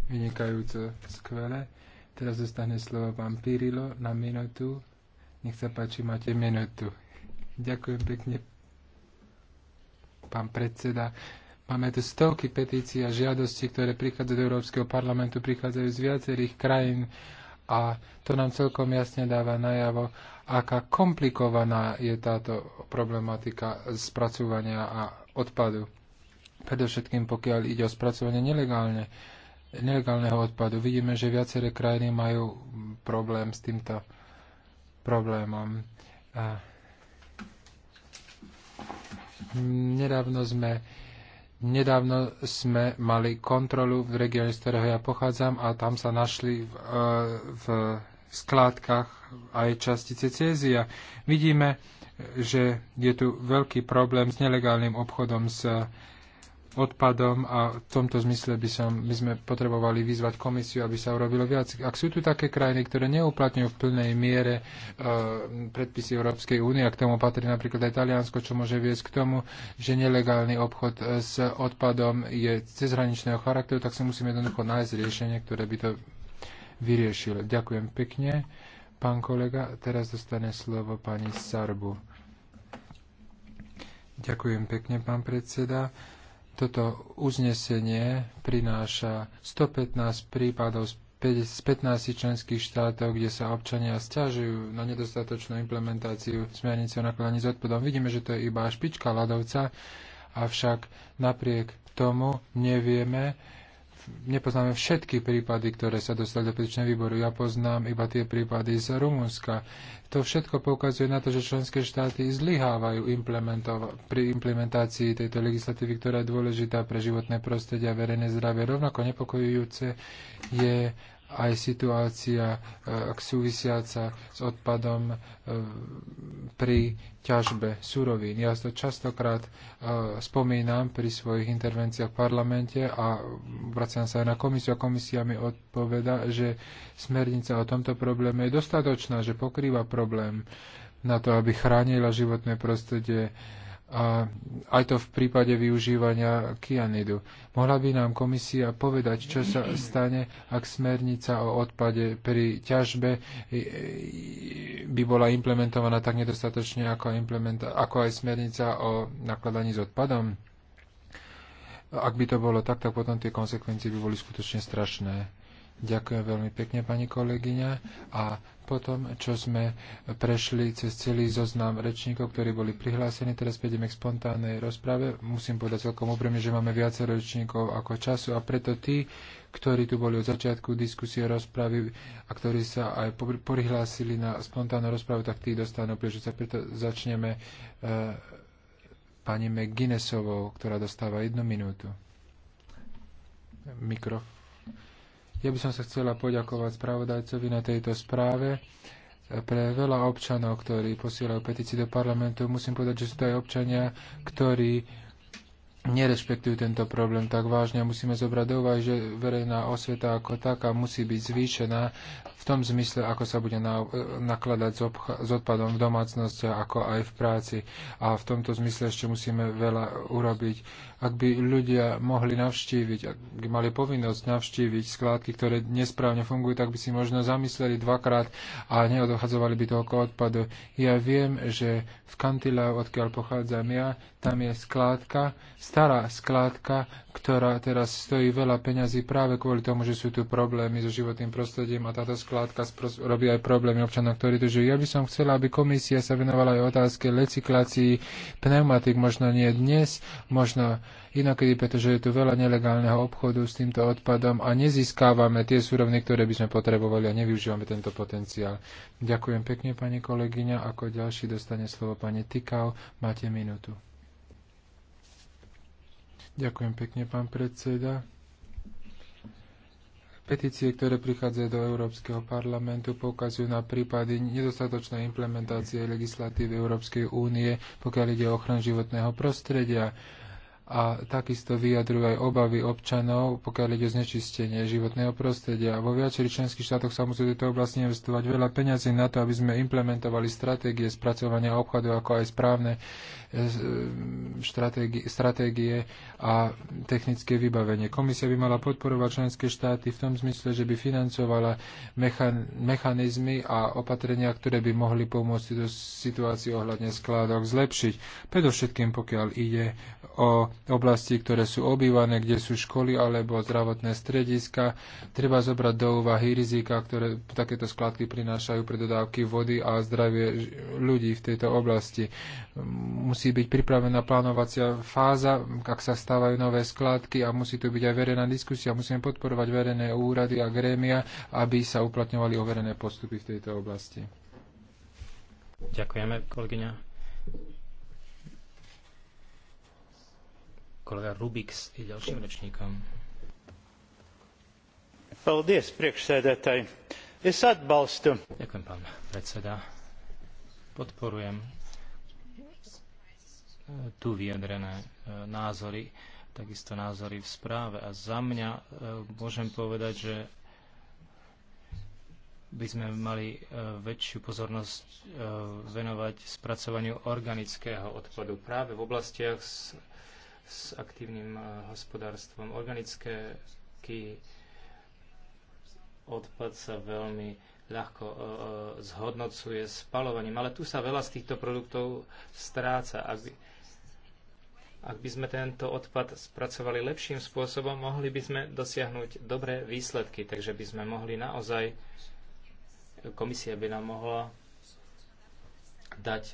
Vynikajúco, skvelé. Teraz zostane slovo pán Pirilo na minútu. Nech sa páči, máte minútu. Ďakujem pekne, pán predseda. Máme tu stovky petícií a žiadostí, ktoré prichádzajú do Európskeho parlamentu, prichádzajú z viacerých krajín a to nám celkom jasne dáva najavo, aká komplikovaná je táto problematika spracovania a odpadu. Predovšetkým pokiaľ ide o spracovanie nelegálne, nelegálneho odpadu. Vidíme, že viaceré krajiny majú problém s týmto problémom. A nedávno sme Nedávno sme mali kontrolu v regióne, z ktorého ja pochádzam a tam sa našli v, e, v skládkach aj častice cézia. Vidíme, že je tu veľký problém s nelegálnym obchodom s eh, odpadom a v tomto zmysle by, som, by sme potrebovali vyzvať komisiu, aby sa urobilo viac. Ak sú tu také krajiny, ktoré neuplatňujú v plnej miere e, predpisy Európskej únie, a k tomu patrí napríklad aj Taliansko, čo môže viesť k tomu, že nelegálny obchod eh, s odpadom je cezhraničného charakteru, tak si musíme jednoducho nájsť riešenie, ktoré by to vyriešil. Ďakujem pekne. Pán kolega, teraz dostane slovo pani Sarbu. Ďakujem pekne, pán predseda. Toto uznesenie prináša 115 prípadov z 15 členských štátov, kde sa občania stiažujú na nedostatočnú implementáciu smernice o nakladaní s odpadom. Vidíme, že to je iba špička ľadovca, avšak napriek tomu nevieme, nepoznáme všetky prípady, ktoré sa dostali do petičného výboru. Ja poznám iba tie prípady z Rumunska. To všetko poukazuje na to, že členské štáty zlyhávajú pri implementácii tejto legislatívy, ktorá je dôležitá pre životné prostredie a verejné zdravie. Rovnako nepokojujúce je aj situácia e, ak súvisiaca s odpadom e, pri ťažbe surovín. Ja to častokrát e, spomínam pri svojich intervenciách v parlamente a vraciam sa aj na komisiu a komisia mi odpoveda, že smernica o tomto probléme je dostatočná, že pokrýva problém na to, aby chránila životné prostredie a aj to v prípade využívania kianidu. Mohla by nám komisia povedať, čo sa stane, ak smernica o odpade pri ťažbe e, e, by bola implementovaná tak nedostatočne, ako, ako aj smernica o nakladaní s odpadom? Ak by to bolo tak, tak potom tie konsekvencie by boli skutočne strašné. Ďakujem veľmi pekne, pani kolegyňa. A potom, čo sme prešli cez celý zoznam rečníkov, ktorí boli prihlásení. Teraz prejdeme k spontánnej rozprave. Musím povedať celkom úprimne, že máme viacej rečníkov ako času a preto tí, ktorí tu boli od začiatku diskusie rozpravy a ktorí sa aj prihlásili na spontánnu rozpravu, tak tí dostanú sa. Preto začneme e, pani McGuinnessovou, ktorá dostáva jednu minútu. Mikrofón. Ja by som sa chcela poďakovať spravodajcovi na tejto správe. Pre veľa občanov, ktorí posielajú petície do parlamentu, musím povedať, že sú to aj občania, ktorí nerešpektujú tento problém tak vážne. Musíme zobrať do úvahy, že verejná osveta ako taká musí byť zvýšená v tom zmysle, ako sa bude na, nakladať s, s odpadom v domácnosti, ako aj v práci. A v tomto zmysle ešte musíme veľa urobiť. Ak by ľudia mohli navštíviť, ak by mali povinnosť navštíviť skládky, ktoré nesprávne fungujú, tak by si možno zamysleli dvakrát a neodochádzovali by toľko odpadu. Ja viem, že v Kantilau, odkiaľ pochádzam ja, tam je skládka, stará skládka, ktorá teraz stojí veľa peňazí práve kvôli tomu, že sú tu problémy so životným prostredím a táto skládka robí aj problémy občanov, ktorí tu žijú. Ja by som chcela, aby komisia sa venovala aj otázke recyklácii pneumatik, možno nie dnes, možno inokedy, pretože je tu veľa nelegálneho obchodu s týmto odpadom a nezískávame tie súrovny, ktoré by sme potrebovali a nevyužívame tento potenciál. Ďakujem pekne, pani kolegyňa. Ako ďalší dostane slovo pani Tikau. Máte minútu. Ďakujem pekne, pán predseda. Petície, ktoré prichádzajú do Európskeho parlamentu, poukazujú na prípady nedostatočnej implementácie legislatívy Európskej únie, pokiaľ ide o ochranu životného prostredia a takisto vyjadrujú aj obavy občanov, pokiaľ ide o znečistenie životného prostredia. Vo viacerých členských štátoch sa musí do tejto oblasti investovať veľa peňazí na to, aby sme implementovali stratégie spracovania obchodu, ako aj správne e, e, stratégie, stratégie a technické vybavenie. Komisia by mala podporovať členské štáty v tom zmysle, že by financovala mechanizmy a opatrenia, ktoré by mohli pomôcť do situácii ohľadne skládok zlepšiť. Predovšetkým, pokiaľ ide o oblasti, ktoré sú obývané, kde sú školy alebo zdravotné strediska. Treba zobrať do úvahy rizika, ktoré takéto skladky prinášajú pre dodávky vody a zdravie ľudí v tejto oblasti. Musí byť pripravená plánovacia fáza, ak sa stávajú nové skladky a musí tu byť aj verejná diskusia. Musíme podporovať verejné úrady a grémia, aby sa uplatňovali overené postupy v tejto oblasti. Ďakujeme, kolegyňa Kolega Rubik s ďalším rečníkom. Paldies, priekšsedataj. Es atbalstu. Ďakujem, pán predseda. Podporujem eh, tu vyjadrené eh, názory, takisto názory v správe. A za mňa eh, môžem povedať, že by sme mali väčšiu pozornosť venovať spracovaniu organického odpadu práve v oblastiach s aktívnym eh, hospodárstvom. Organické odpad sa veľmi ľahko eh, eh, zhodnocuje spalovaním, ale tu sa veľa z týchto produktov stráca. Ak by, ak by sme tento odpad spracovali lepším spôsobom, mohli by sme dosiahnuť dobré výsledky, takže by sme mohli naozaj, komisia by nám mohla dať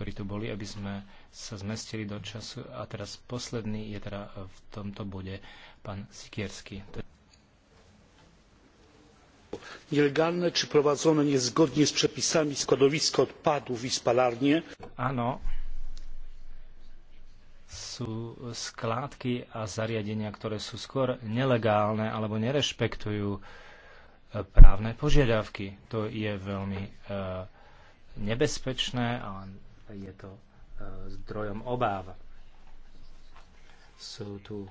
ktorí tu boli, aby sme sa zmestili do času. A teraz posledný je teda v tomto bode pán Sikierský. Nielegalne czy prowadzone niezgodnie z przepisami składowiska odpadów i spalarnie? Áno, sú skládky a zariadenia, ktoré sú skôr nelegálne alebo nerešpektujú e, právne požiadavky. To je veľmi e, nebezpečné a je to e, zdrojom obáv. Sú tu e,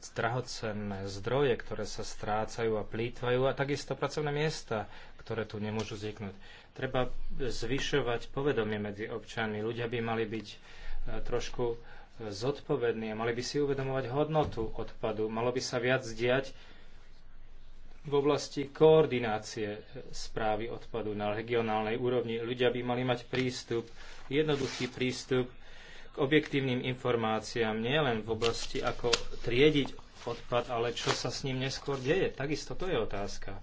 strahocenné zdroje, ktoré sa strácajú a plýtvajú a takisto pracovné miesta, ktoré tu nemôžu vzniknúť. Treba zvyšovať povedomie medzi občanmi. Ľudia by mali byť e, trošku zodpovední a mali by si uvedomovať hodnotu odpadu. Malo by sa viac diať v oblasti koordinácie správy odpadu na regionálnej úrovni. Ľudia by mali mať prístup jednoduchý prístup k objektívnym informáciám, nielen v oblasti, ako triediť odpad, ale čo sa s ním neskôr deje. Takisto to je otázka.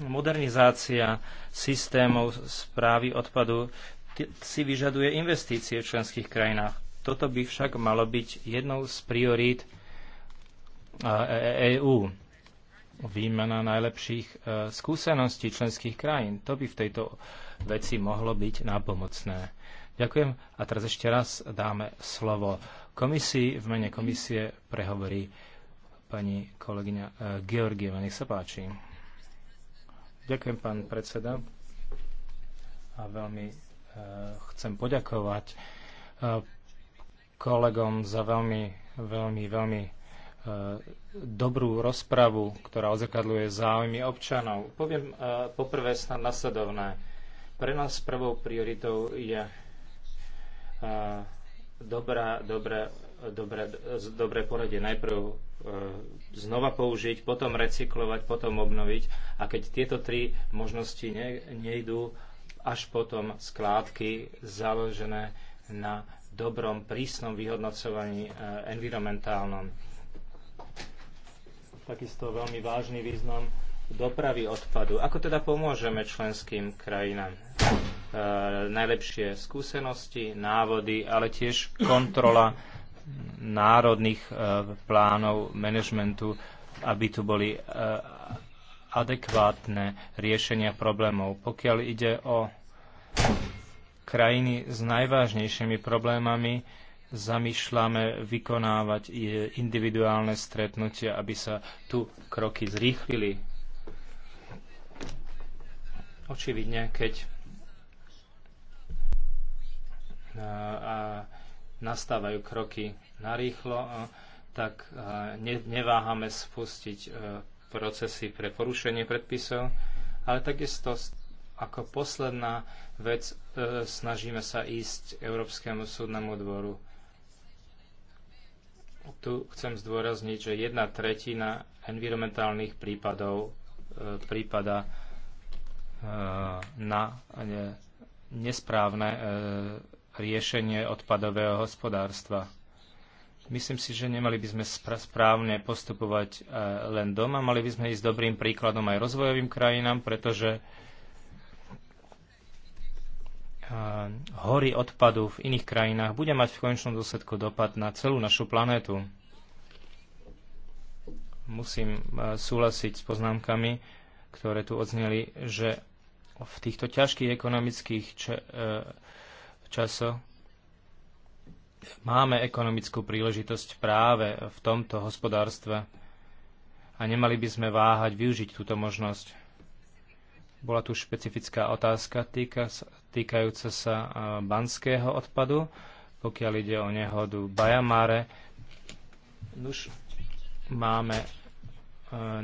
Modernizácia systémov správy odpadu si vyžaduje investície v členských krajinách. Toto by však malo byť jednou z priorít EÚ. E, e Výmena najlepších e, skúseností členských krajín. To by v tejto veci mohlo byť nápomocné. Ďakujem a teraz ešte raz dáme slovo komisii. V mene komisie prehovorí pani kolegyňa e, Georgieva. Nech sa páči. Ďakujem, pán predseda. A veľmi e, chcem poďakovať e, kolegom za veľmi, veľmi, veľmi dobrú rozpravu, ktorá ozrkadľuje záujmy občanov. Poviem poprvé snad nasledovné pre nás prvou prioritou je dobrá, dobré, dobré, dobré poradie. Najprv e, znova použiť, potom recyklovať, potom obnoviť. A keď tieto tri možnosti ne, nejdú, až potom skládky založené na dobrom, prísnom vyhodnocovaní e, environmentálnom. Takisto veľmi vážny význam dopravy odpadu. Ako teda pomôžeme členským krajinám? E, najlepšie skúsenosti, návody, ale tiež kontrola národných e, plánov manažmentu, aby tu boli e, adekvátne riešenia problémov. Pokiaľ ide o krajiny s najvážnejšími problémami, zamýšľame vykonávať individuálne stretnutia, aby sa tu kroky zrýchlili Očividne, keď a nastávajú kroky narýchlo, tak neváhame spustiť e, procesy pre porušenie predpisov, ale takisto ako posledná vec e, snažíme sa ísť Európskemu súdnemu dvoru. Tu chcem zdôrazniť, že jedna tretina environmentálnych prípadov e, prípada E, na nesprávne e, riešenie odpadového hospodárstva. Myslím si, že nemali by sme správne postupovať e, len doma, mali by sme ísť dobrým príkladom aj rozvojovým krajinám, pretože hory odpadu v iných krajinách bude mať v konečnom dôsledku dopad na celú našu planétu. Musím súhlasiť s poznámkami, ktoré tu odzneli, že v týchto ťažkých ekonomických e, časoch máme ekonomickú príležitosť práve v tomto hospodárstve a nemali by sme váhať využiť túto možnosť. Bola tu špecifická otázka týka, týkajúca sa e, banského odpadu, pokiaľ ide o nehodu Bajamare. Už máme e,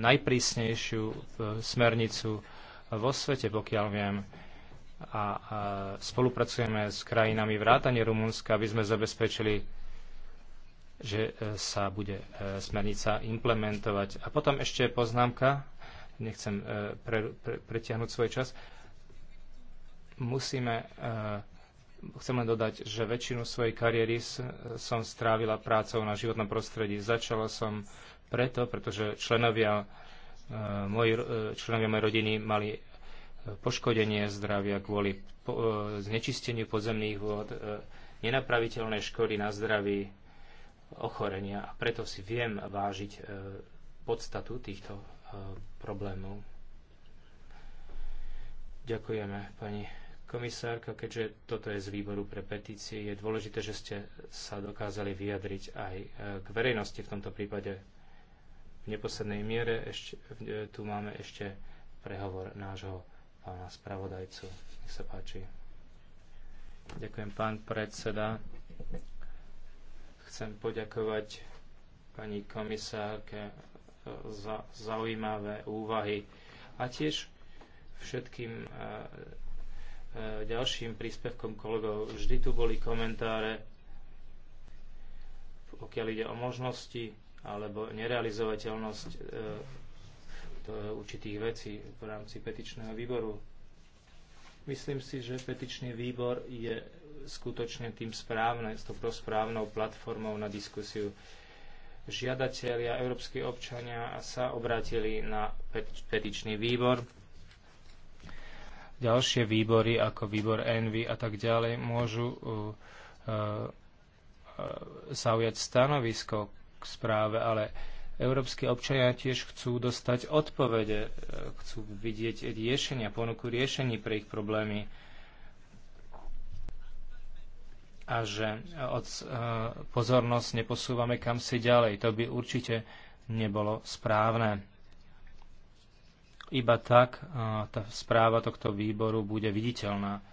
najprísnejšiu smernicu vo svete, pokiaľ viem. A, a spolupracujeme s krajinami vrátane Rumunska, aby sme zabezpečili, že e, sa bude e, smernica implementovať. A potom ešte poznámka, nechcem e, pre, pre, pretiahnuť svoj čas. Musíme chcem len dodať, že väčšinu svojej kariéry som strávila prácou na životnom prostredí. Začala som preto, pretože členovia Eh, moji eh, členovia mojej rodiny mali eh, poškodenie zdravia kvôli znečisteniu podzemných vôd, nenapraviteľné škody na zdraví, ochorenia a preto si viem vážiť podstatu týchto problémov. Ďakujeme, pani komisárka, keďže toto je z výboru pre petície, je dôležité, že ste sa dokázali vyjadriť aj k verejnosti v tomto prípade v neposlednej miere ešte, e, tu máme ešte prehovor nášho pána spravodajcu. Nech sa páči. Ďakujem, pán predseda. Chcem poďakovať pani komisárke e, za zaujímavé úvahy a tiež všetkým e, ďalším príspevkom kolegov. Vždy tu boli komentáre, pokiaľ ide o možnosti alebo nerealizovateľnosť e, e, určitých vecí v rámci petičného výboru. Myslím si, že petičný výbor je skutočne tým správne, s tou správnou platformou na diskusiu. Žiadatelia, európsky občania sa obrátili na petičný výbor ďalšie výbory ako výbor Envy a tak ďalej môžu uh, uh, zaujať stanovisko k správe, ale európske občania tiež chcú dostať odpovede, e, chcú vidieť riešenia, ponuku riešení pre ich problémy a že e, od, e, pozornosť neposúvame kam si ďalej. To by určite nebolo správne. Iba tak tá správa tohto výboru bude viditeľná.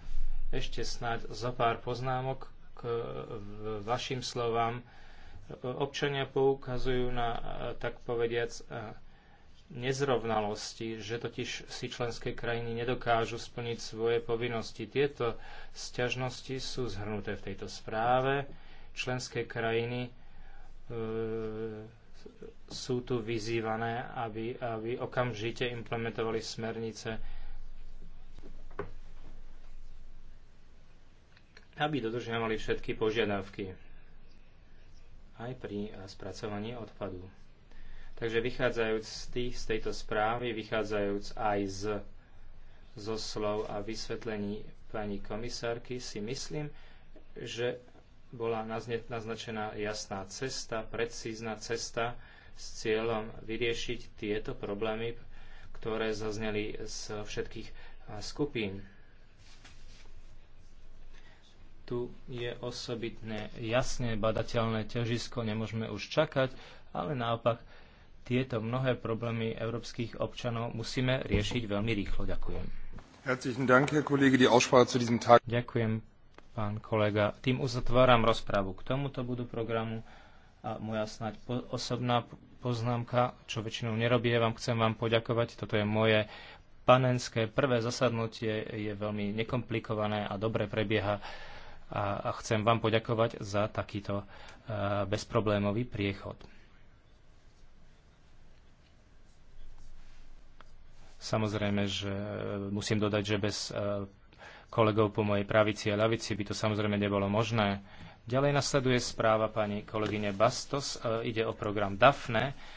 Ešte snáď zo pár poznámok k vašim slovám občania poukazujú na, e, tak povediac, e, nezrovnalosti, že totiž si členské krajiny nedokážu splniť svoje povinnosti. Tieto sťažnosti sú zhrnuté v tejto správe. Členské krajiny e, sú tu vyzývané, aby, aby okamžite implementovali smernice, aby dodržiavali všetky požiadavky aj pri eh, spracovaní odpadu. Takže vychádzajúc z, tých, z tejto správy, vychádzajúc aj z, zo slov a vysvetlení pani komisárky, si myslím, že bola naznačená jasná cesta, precízna cesta s cieľom vyriešiť tieto problémy, ktoré zazneli z všetkých eh, skupín tu je osobitné, jasne badateľné ťažisko, nemôžeme už čakať, ale naopak tieto mnohé problémy európskych občanov musíme riešiť veľmi rýchlo. Ďakujem. Ďakujem, pán kolega. Tým uzatváram rozprávu k tomuto budu programu a moja snáď po- osobná poznámka, čo väčšinou vám chcem vám poďakovať. Toto je moje panenské prvé zasadnutie, je veľmi nekomplikované a dobre prebieha a, chcem vám poďakovať za takýto e, bezproblémový priechod. Samozrejme, že e, musím dodať, že bez e, kolegov po mojej pravici a ľavici by to samozrejme nebolo možné. Ďalej nasleduje správa pani kolegyne Bastos. Ide o program DAFNE.